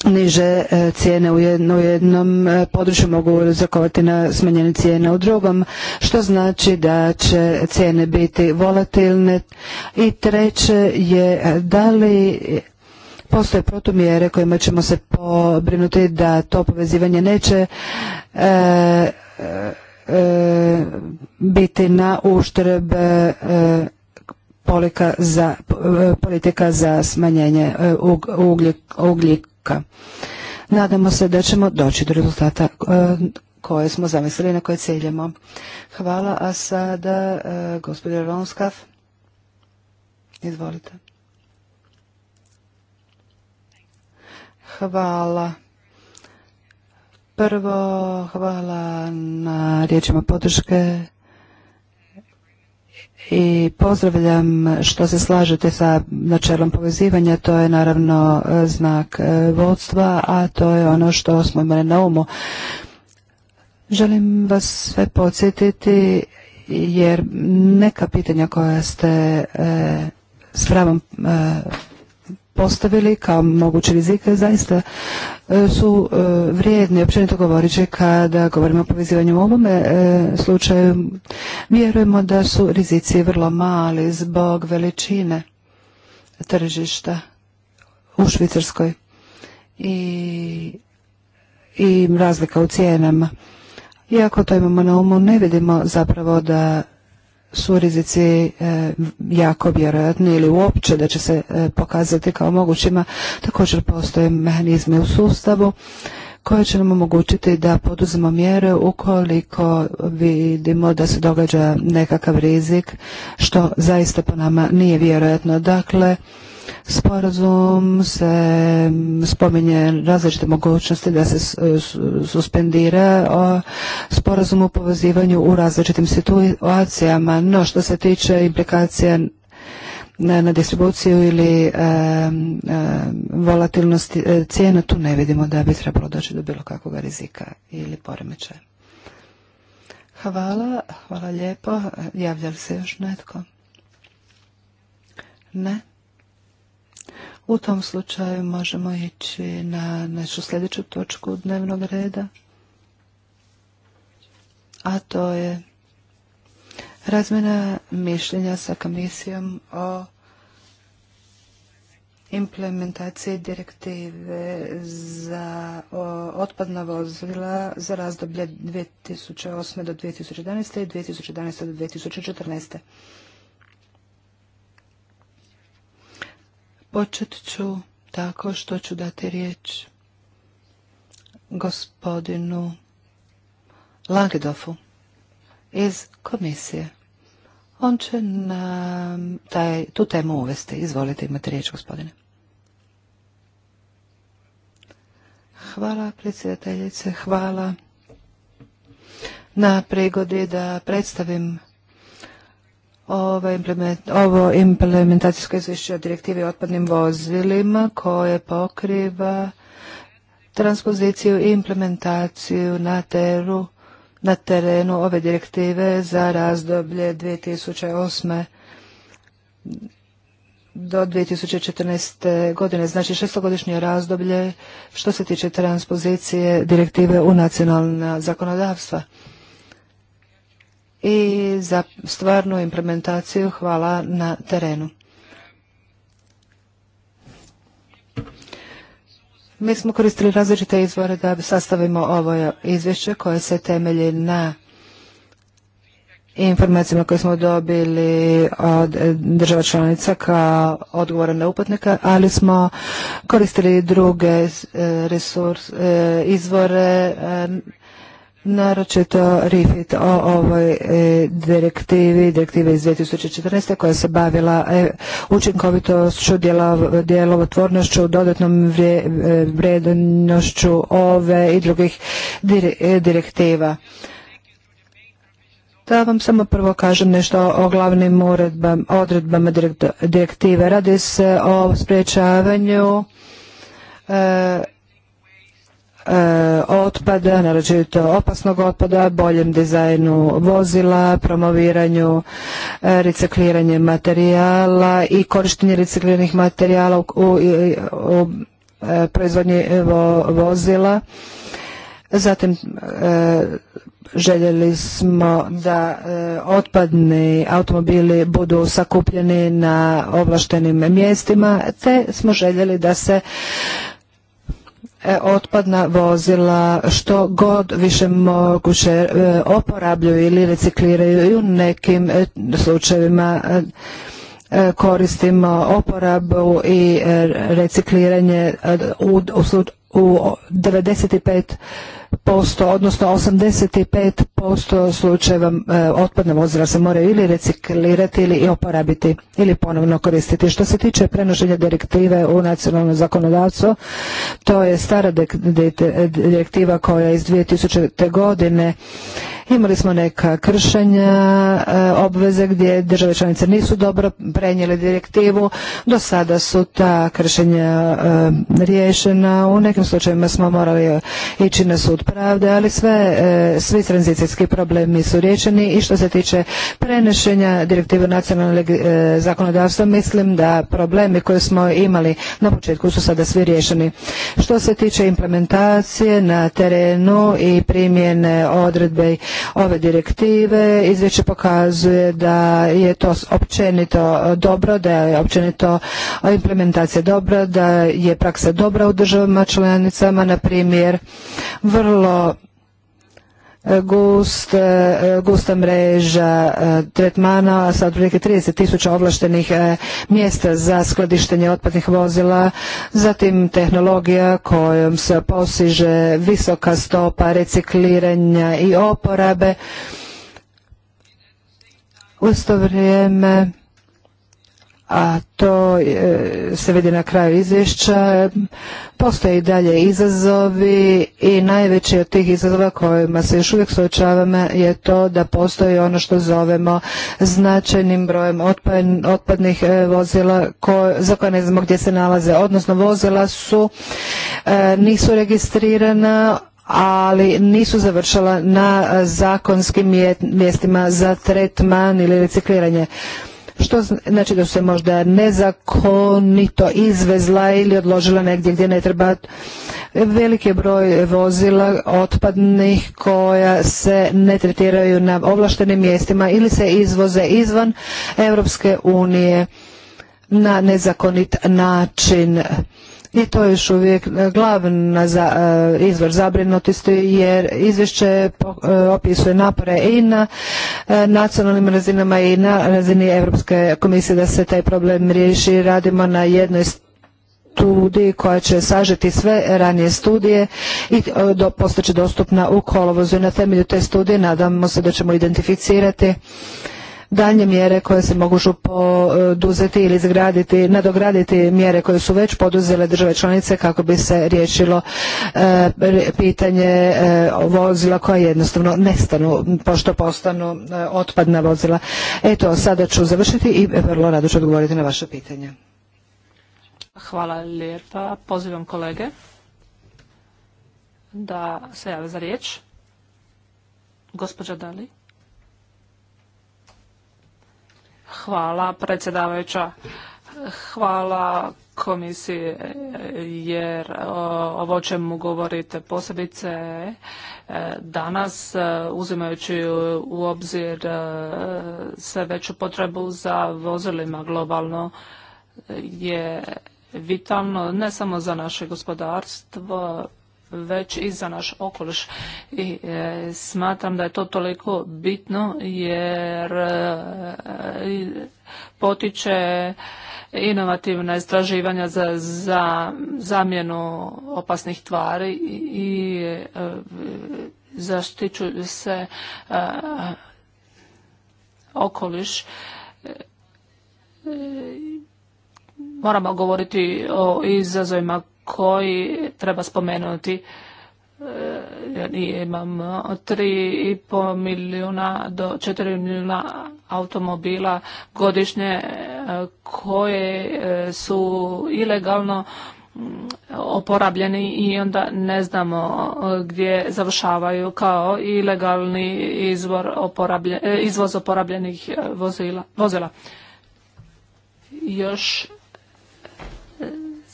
niže e, cijene u jednom e, području mogu zakovati na smanjenje cijena u drugom, što znači da će cijene biti volatilne. I treće je e, da li postoje protumjere kojima ćemo se pobrinuti da to povezivanje neće biti na uštrb za, politika za smanjenje ugljika roka. Nadamo se da ćemo doći do rezultata e, koje smo zamislili na koje ciljemo. Hvala, a sada e, gospođa Ronskav. Izvolite. Hvala. Prvo, hvala na riječima podrške i pozdravljam što se slažete sa načelom povezivanja, to je naravno e, znak e, vodstva, a to je ono što smo imali na umu. Želim vas sve podsjetiti jer neka pitanja koja ste e, s pravom e, postavili kao moguće rizike zaista e, su e, vrijedni, općenito govoreći kada govorimo o povezivanju u ovome e, slučaju, vjerujemo da su rizici vrlo mali zbog veličine tržišta u Švicarskoj i, i razlika u cijenama. Iako to imamo na umu, ne vidimo zapravo da su rizici e, jako vjerojatni ili uopće da će se e, pokazati kao mogućima. Također postoje mehanizmi u sustavu koje će nam omogućiti da poduzimo mjere ukoliko vidimo da se događa nekakav rizik, što zaista po nama nije vjerojatno. Dakle, sporazum se spominje različite mogućnosti da se e, suspendira o sporazumu o povezivanju u različitim situacijama, no što se tiče implikacija na, distribuciju ili e, e, volatilnosti cijena, tu ne vidimo da bi trebalo doći do bilo kakvog rizika ili poremećaja. Hvala, hvala lijepo. Javlja se još netko? Ne? U tom slučaju možemo ići na našu sljedeću točku dnevnog reda, a to je razmjena mišljenja sa komisijom o implementaciji direktive za otpadna vozila za razdoblje 2008. do 2011. i 2011. do 2014. Počet ću tako što ću dati riječ gospodinu Lagedofu iz komisije. On će nam taj, tu temu uvesti. Izvolite, imati riječ, gospodine. Hvala, predsjedateljice, hvala na prigodi da predstavim ovo implementacijsko izvješće o direktivi o otpadnim vozilima koje pokriva transpoziciju i implementaciju na teru na terenu ove direktive za razdoblje 2008. do 2014. godine, znači šestogodišnje razdoblje što se tiče transpozicije direktive u nacionalna zakonodavstva i za stvarnu implementaciju hvala na terenu. Mi smo koristili različite izvore da sastavimo ovo izvješće koje se temelji na informacijama koje smo dobili od država članica kao odgovore na uputnika, ali smo koristili druge eh, eh, izvore eh, naročito Rifit o ovoj e, direktivi, direktive iz 2014. koja se bavila e, učinkovitošću, djelovotvornošću, dodatnom e, vrednošću ove i drugih direktiva. Da vam samo prvo kažem nešto o glavnim odredbama direktive. Radi se o sprječavanju E, otpada, naročito opasnog otpada, boljem dizajnu vozila, promoviranju e, recikliranje materijala i korištenje recikliranih materijala u, u, e, proizvodnji vozila. Zatim željeli smo da otpadni automobili budu sakupljeni na ovlaštenim mjestima, te smo željeli da se E, otpadna vozila što god više moguće e, oporabljuju ili recikliraju i u nekim e, slučajevima koristimo oporabu i recikliranje u 95% posto odnosno 85% slučajeva otpadnog e, otpadna vozila se moraju ili reciklirati ili oporabiti ili ponovno koristiti. Što se tiče prenošenja direktive u nacionalno zakonodavstvo, to je stara direktiva koja je iz 2000. godine imali smo neka kršenja e, obveze gdje države članice nisu dobro prenijele direktivu. Do sada su ta kršenja e, riješena. U nekim slučajevima smo morali ići na sud pravde, ali sve, e, svi tranzicijski problemi su riješeni i što se tiče prenešenja direktive nacionalnog e, zakonodavstva, mislim da problemi koje smo imali na početku su sada svi riješeni. Što se tiče implementacije na terenu i primjene odredbe ove direktive, izvješće pokazuje da je to općenito dobro, da je općenito implementacija dobra, da je praksa dobra u državama članicama, na primjer vrlo vrlo e, gust, e, gusta mreža e, tretmana sa otprilike 30 tisuća ovlaštenih mjesta za skladištenje otpadnih vozila, zatim tehnologija kojom se posiže visoka stopa recikliranja i oporabe. U isto vrijeme a to e, se vidi na kraju izvješća. Postoje i dalje izazovi i najveći od tih izazova kojima se još uvijek suočavamo je to da postoji ono što zovemo značajnim brojem otpadnih e, vozila za koje ne znamo gdje se nalaze, odnosno vozila su e, nisu registrirana ali nisu završala na zakonskim mjestima za tretman ili recikliranje što znači da su se možda nezakonito izvezla ili odložila negdje gdje ne treba. Veliki broj vozila otpadnih koja se ne tretiraju na ovlaštenim mjestima ili se izvoze izvan Europske unije na nezakonit način i to je još uvijek e, glavna e, izvor zabrinutosti jer izvješće e, opisuje napore i na nacionalnim razinama i na razini Europske komisije da se taj problem riješi. Radimo na jednoj studiji koja će sažeti sve ranije studije i do, postaće dostupna u kolovozu. i Na temelju te studije nadamo se da ćemo identificirati daljnje mjere koje se mogu poduzeti ili izgraditi, nadograditi mjere koje su već poduzele države članice kako bi se riješilo e, pitanje e, vozila koja jednostavno nestanu pošto postanu e, otpadna vozila. Eto, sada ću završiti i vrlo rado ću odgovoriti na vaše pitanje. Hvala lijepa. Pozivam kolege da se jave za riječ. Gospođa Dali. Hvala predsjedavajuća. Hvala komisiji jer e, ovo o čemu govorite posebice e, danas e, uzimajući u obzir sve veću potrebu za vozilima globalno je vitalno ne samo za naše gospodarstvo već i za naš okoliš. I e, smatram da je to toliko bitno jer e, potiče inovativna istraživanja za, zamjenu opasnih tvari i e, zaštiću se okoliš moramo govoriti o izazovima koji treba spomenuti. E, imam 3,5 milijuna do 4 milijuna automobila godišnje e, koje e, su ilegalno mm, oporabljeni i onda ne znamo gdje završavaju kao ilegalni izvor izvoz oporabljenih vozila. vozila. Još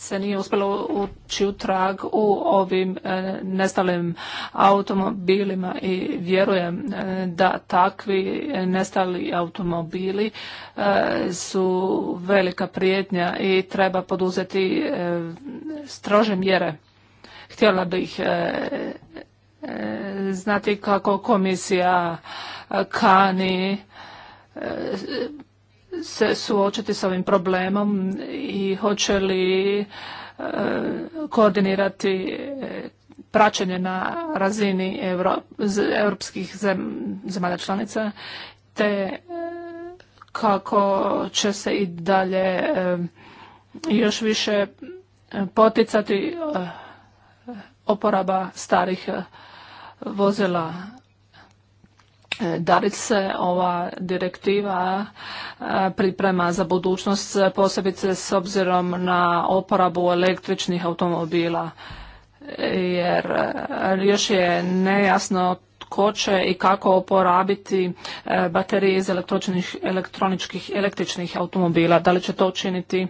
se nije uspjelo ući u trag u ovim e, nestalim automobilima i vjerujem e, da takvi nestali automobili e, su velika prijetnja i treba poduzeti strože mjere. Htjela bih znati kako komisija kani se suočiti s ovim problemom i hoće li e, koordinirati e, praćenje na razini europskih zemalja članica te e, kako će se i dalje još više poticati oporaba starih vozila E, da li se ova direktiva e, priprema za budućnost posebice s obzirom na oporabu električnih automobila? E, jer još je nejasno tko će i kako oporabiti baterije iz elektroničkih električnih automobila. Da li će to učiniti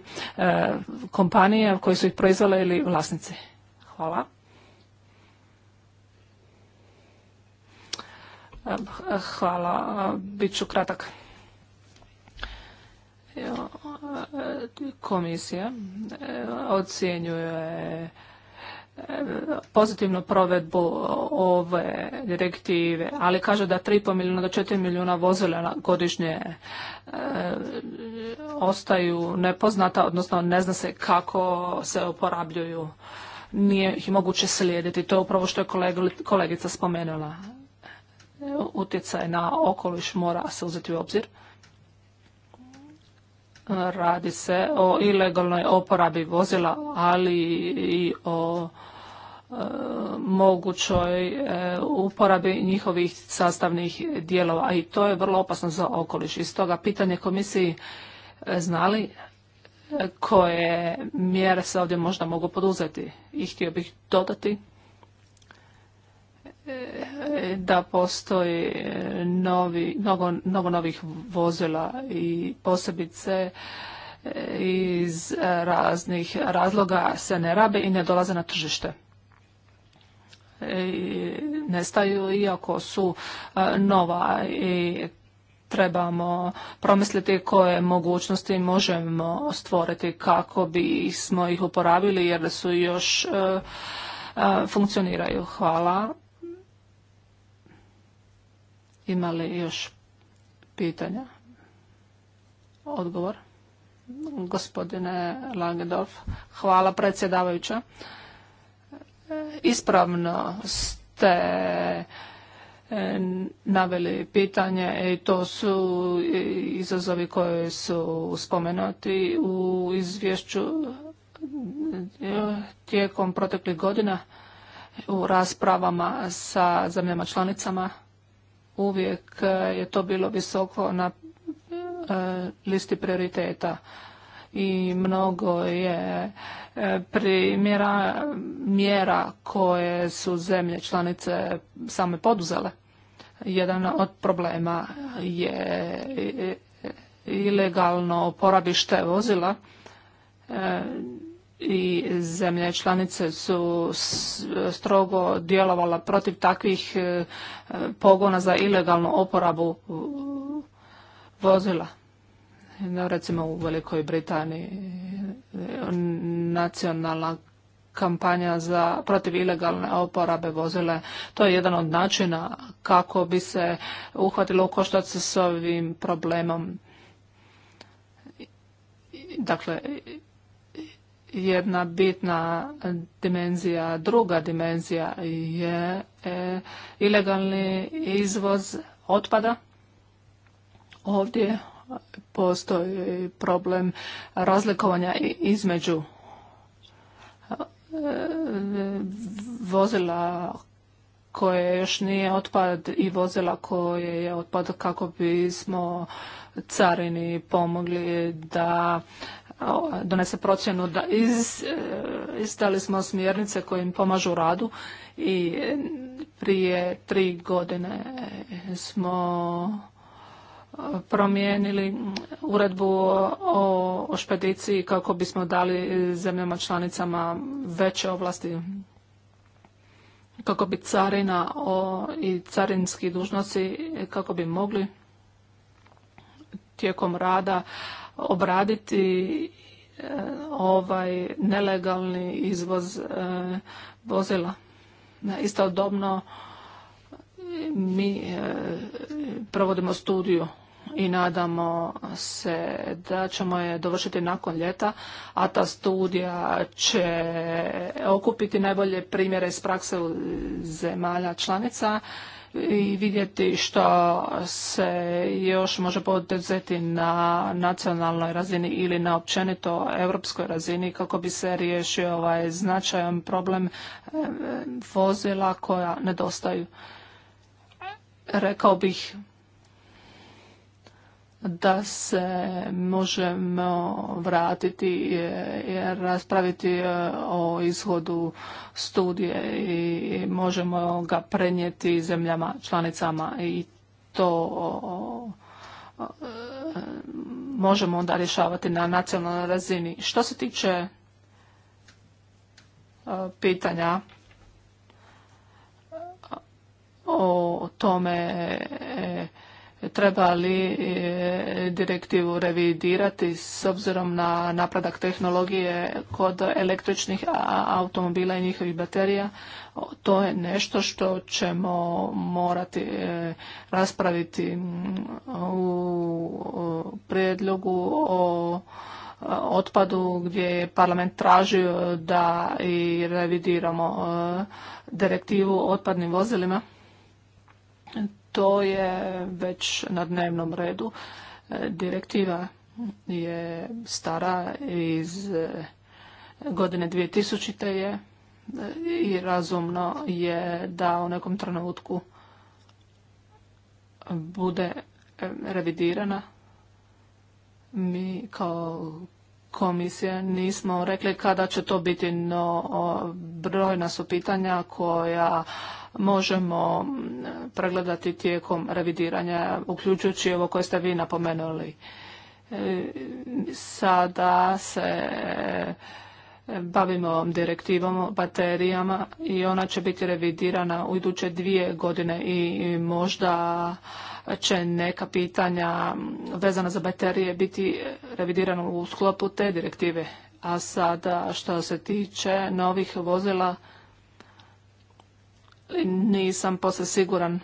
kompanije koje su ih proizvele ili vlasnici? Hvala. Hvala, bit ću kratak. Komisija ocjenjuje pozitivnu provedbu ove direktive, ali kaže da 3,5 milijuna do 4 milijuna vozila godišnje ostaju nepoznata, odnosno ne zna se kako se uporabljuju. Nije ih moguće slijediti. To je upravo što je kolegica spomenula utjecaj na okoliš mora se uzeti u obzir. Radi se o ilegalnoj oporabi vozila, ali i o e, mogućoj e, uporabi njihovih sastavnih dijelova. I to je vrlo opasno za okoliš. Iz stoga pitanje komisiji e, znali koje mjere se ovdje možda mogu poduzeti. I htio bih dodati da postoji e, novi, mnogo, novih vozila i posebice e, iz raznih razloga se ne rabe i ne dolaze na tržište. I e, nestaju iako su nova i trebamo promisliti koje mogućnosti možemo stvoriti kako bi smo ih uporabili jer su još funkcioniraju. Hvala. Imali još pitanja? Odgovor. Gospodine Langedorf, hvala predsjedavajuća. Ispravno ste e, naveli pitanje i to su izazovi koje su spomenuti u izvješću e, tijekom proteklih godina u raspravama sa zemljama članicama uvijek eh, je to bilo visoko na eh, listi prioriteta i mnogo je eh, primjera mjera koje su zemlje članice same poduzele. Jedan od problema je ilegalno porabište vozila i zemlje članice su strogo djelovala protiv takvih e, pogona za ilegalnu oporabu vozila. recimo u Velikoj Britaniji e, nacionalna kampanja za protiv ilegalne oporabe vozile. To je jedan od načina kako bi se uhvatilo u koštac s ovim problemom. Dakle, jedna bitna dimenzija. Druga dimenzija je e, ilegalni izvoz otpada. Ovdje postoji problem razlikovanja između e, vozila koje još nije otpad i vozila koje je otpad kako bismo carini pomogli da donese procjenu da iz, e, izdali smo smjernice koje im pomažu u radu i e, prije tri godine smo e, promijenili uredbu o, špediciji kako bismo dali zemljama članicama veće ovlasti kako bi carina i carinski dužnosti kako bi mogli tijekom rada obraditi e, ovaj nelegalni izvoz e, vozila. E, istodobno mi provodimo studiju i nadamo se da ćemo je dovršiti nakon ljeta, a ta studija će okupiti najbolje primjere iz prakse zemalja članica i vidjeti što se još može poduzeti na nacionalnoj razini ili na općenito europskoj razini kako bi se riješio ovaj značajan problem e, vozila koja nedostaju. Rekao bih da se možemo vratiti i e, raspraviti e, o izhodu studije i možemo ga prenijeti zemljama članicama i to e, možemo onda rješavati na nacionalnoj razini. Što se tiče pitanja o tome treba li e, direktivu revidirati s obzirom na napredak tehnologije kod električnih automobila i njihovih baterija. To je nešto što ćemo morati e, raspraviti u prijedlogu o otpadu gdje je parlament tražio da i revidiramo e, direktivu o otpadnim vozilima to je već na dnevnom redu. E, Direktiva je stara iz e, godine 2000. je e, i razumno je da u nekom trenutku bude revidirana. Mi kao komisije nismo rekli kada će to biti, no brojna su pitanja koja možemo mm, pregledati tijekom revidiranja, uključujući ovo koje ste vi napomenuli. E, sada se e, bavimo direktivom baterijama i ona će biti revidirana u iduće dvije godine i možda će neka pitanja vezana za baterije biti revidirana u sklopu te direktive. A sada što se tiče novih vozila, nisam posve siguran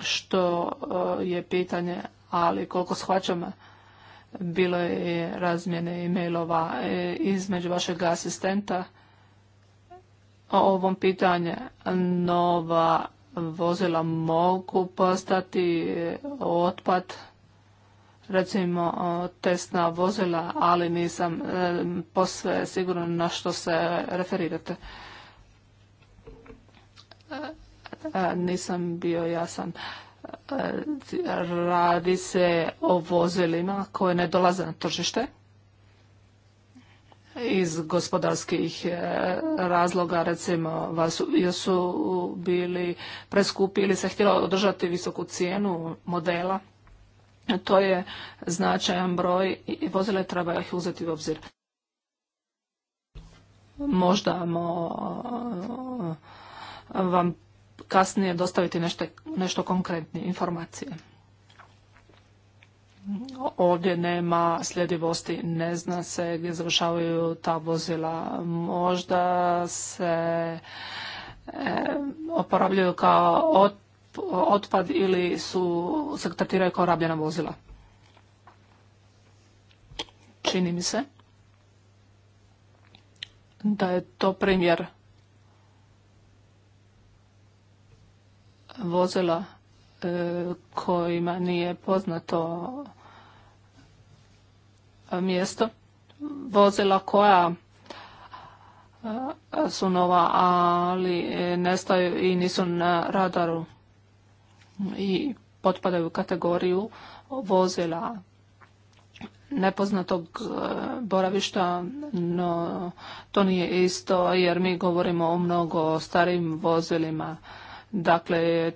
što e, je pitanje, ali koliko shvaćam, bilo je razmjene e-mailova e, između vašeg asistenta o ovom pitanju. Nova vozila mogu postati otpad recimo testna vozila, ali nisam e, posve sigurno na što se referirate. E, e, nisam bio jasan. Radi se o vozilima koje ne dolaze na tržište iz gospodarskih e, razloga, recimo vas su bili preskupi ili se htjelo održati visoku cijenu modela. To je značajan broj i vozile treba ih uzeti u obzir. Možda e, vam kasnije dostaviti nešto, nešto konkretnije informacije. Ovdje nema sljedivosti, ne zna se gdje završavaju ta vozila. Možda se e, oporabljaju kao otpad ili su se tretiraju kao rabljena vozila. Čini mi se da je to primjer vozila E, kojima nije poznato mjesto. Vozila koja e, su nova, ali nestaju i nisu na radaru i potpadaju u kategoriju vozila nepoznatog e, boravišta, no to nije isto jer mi govorimo o mnogo starim vozilima. Dakle,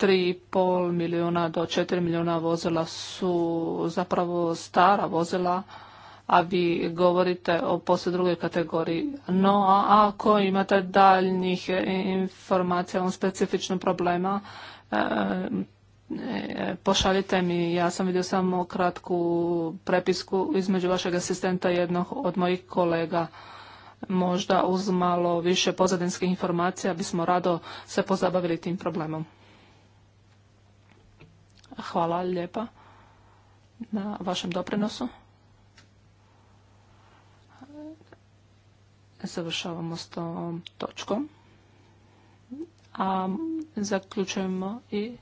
3,5 milijuna do 4 milijuna vozila su zapravo stara vozila, a vi govorite o posle drugoj kategoriji. No, a ako imate daljnjih informacija o specifičnom problema, e, e, pošaljite mi, ja sam vidio samo kratku prepisku između vašeg asistenta i jednog od mojih kolega. Možda uz malo više pozadinskih informacija bismo rado se pozabavili tim problemom. Hvala lijepa na vašem doprinosu. Završavamo s tom točkom. A zaključujemo i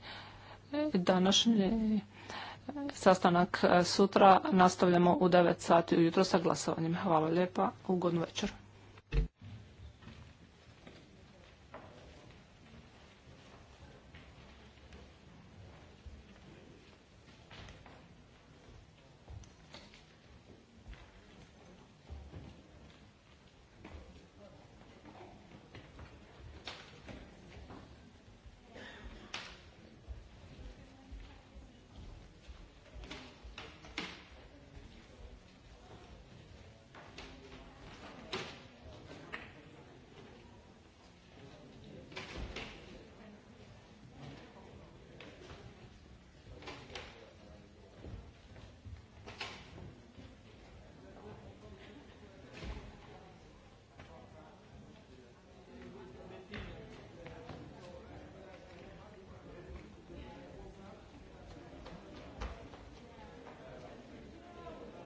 današnji sastanak sutra. Nastavljamo u 9 sati ujutro sa glasovanjem. Hvala lijepa. Ugodnu večer.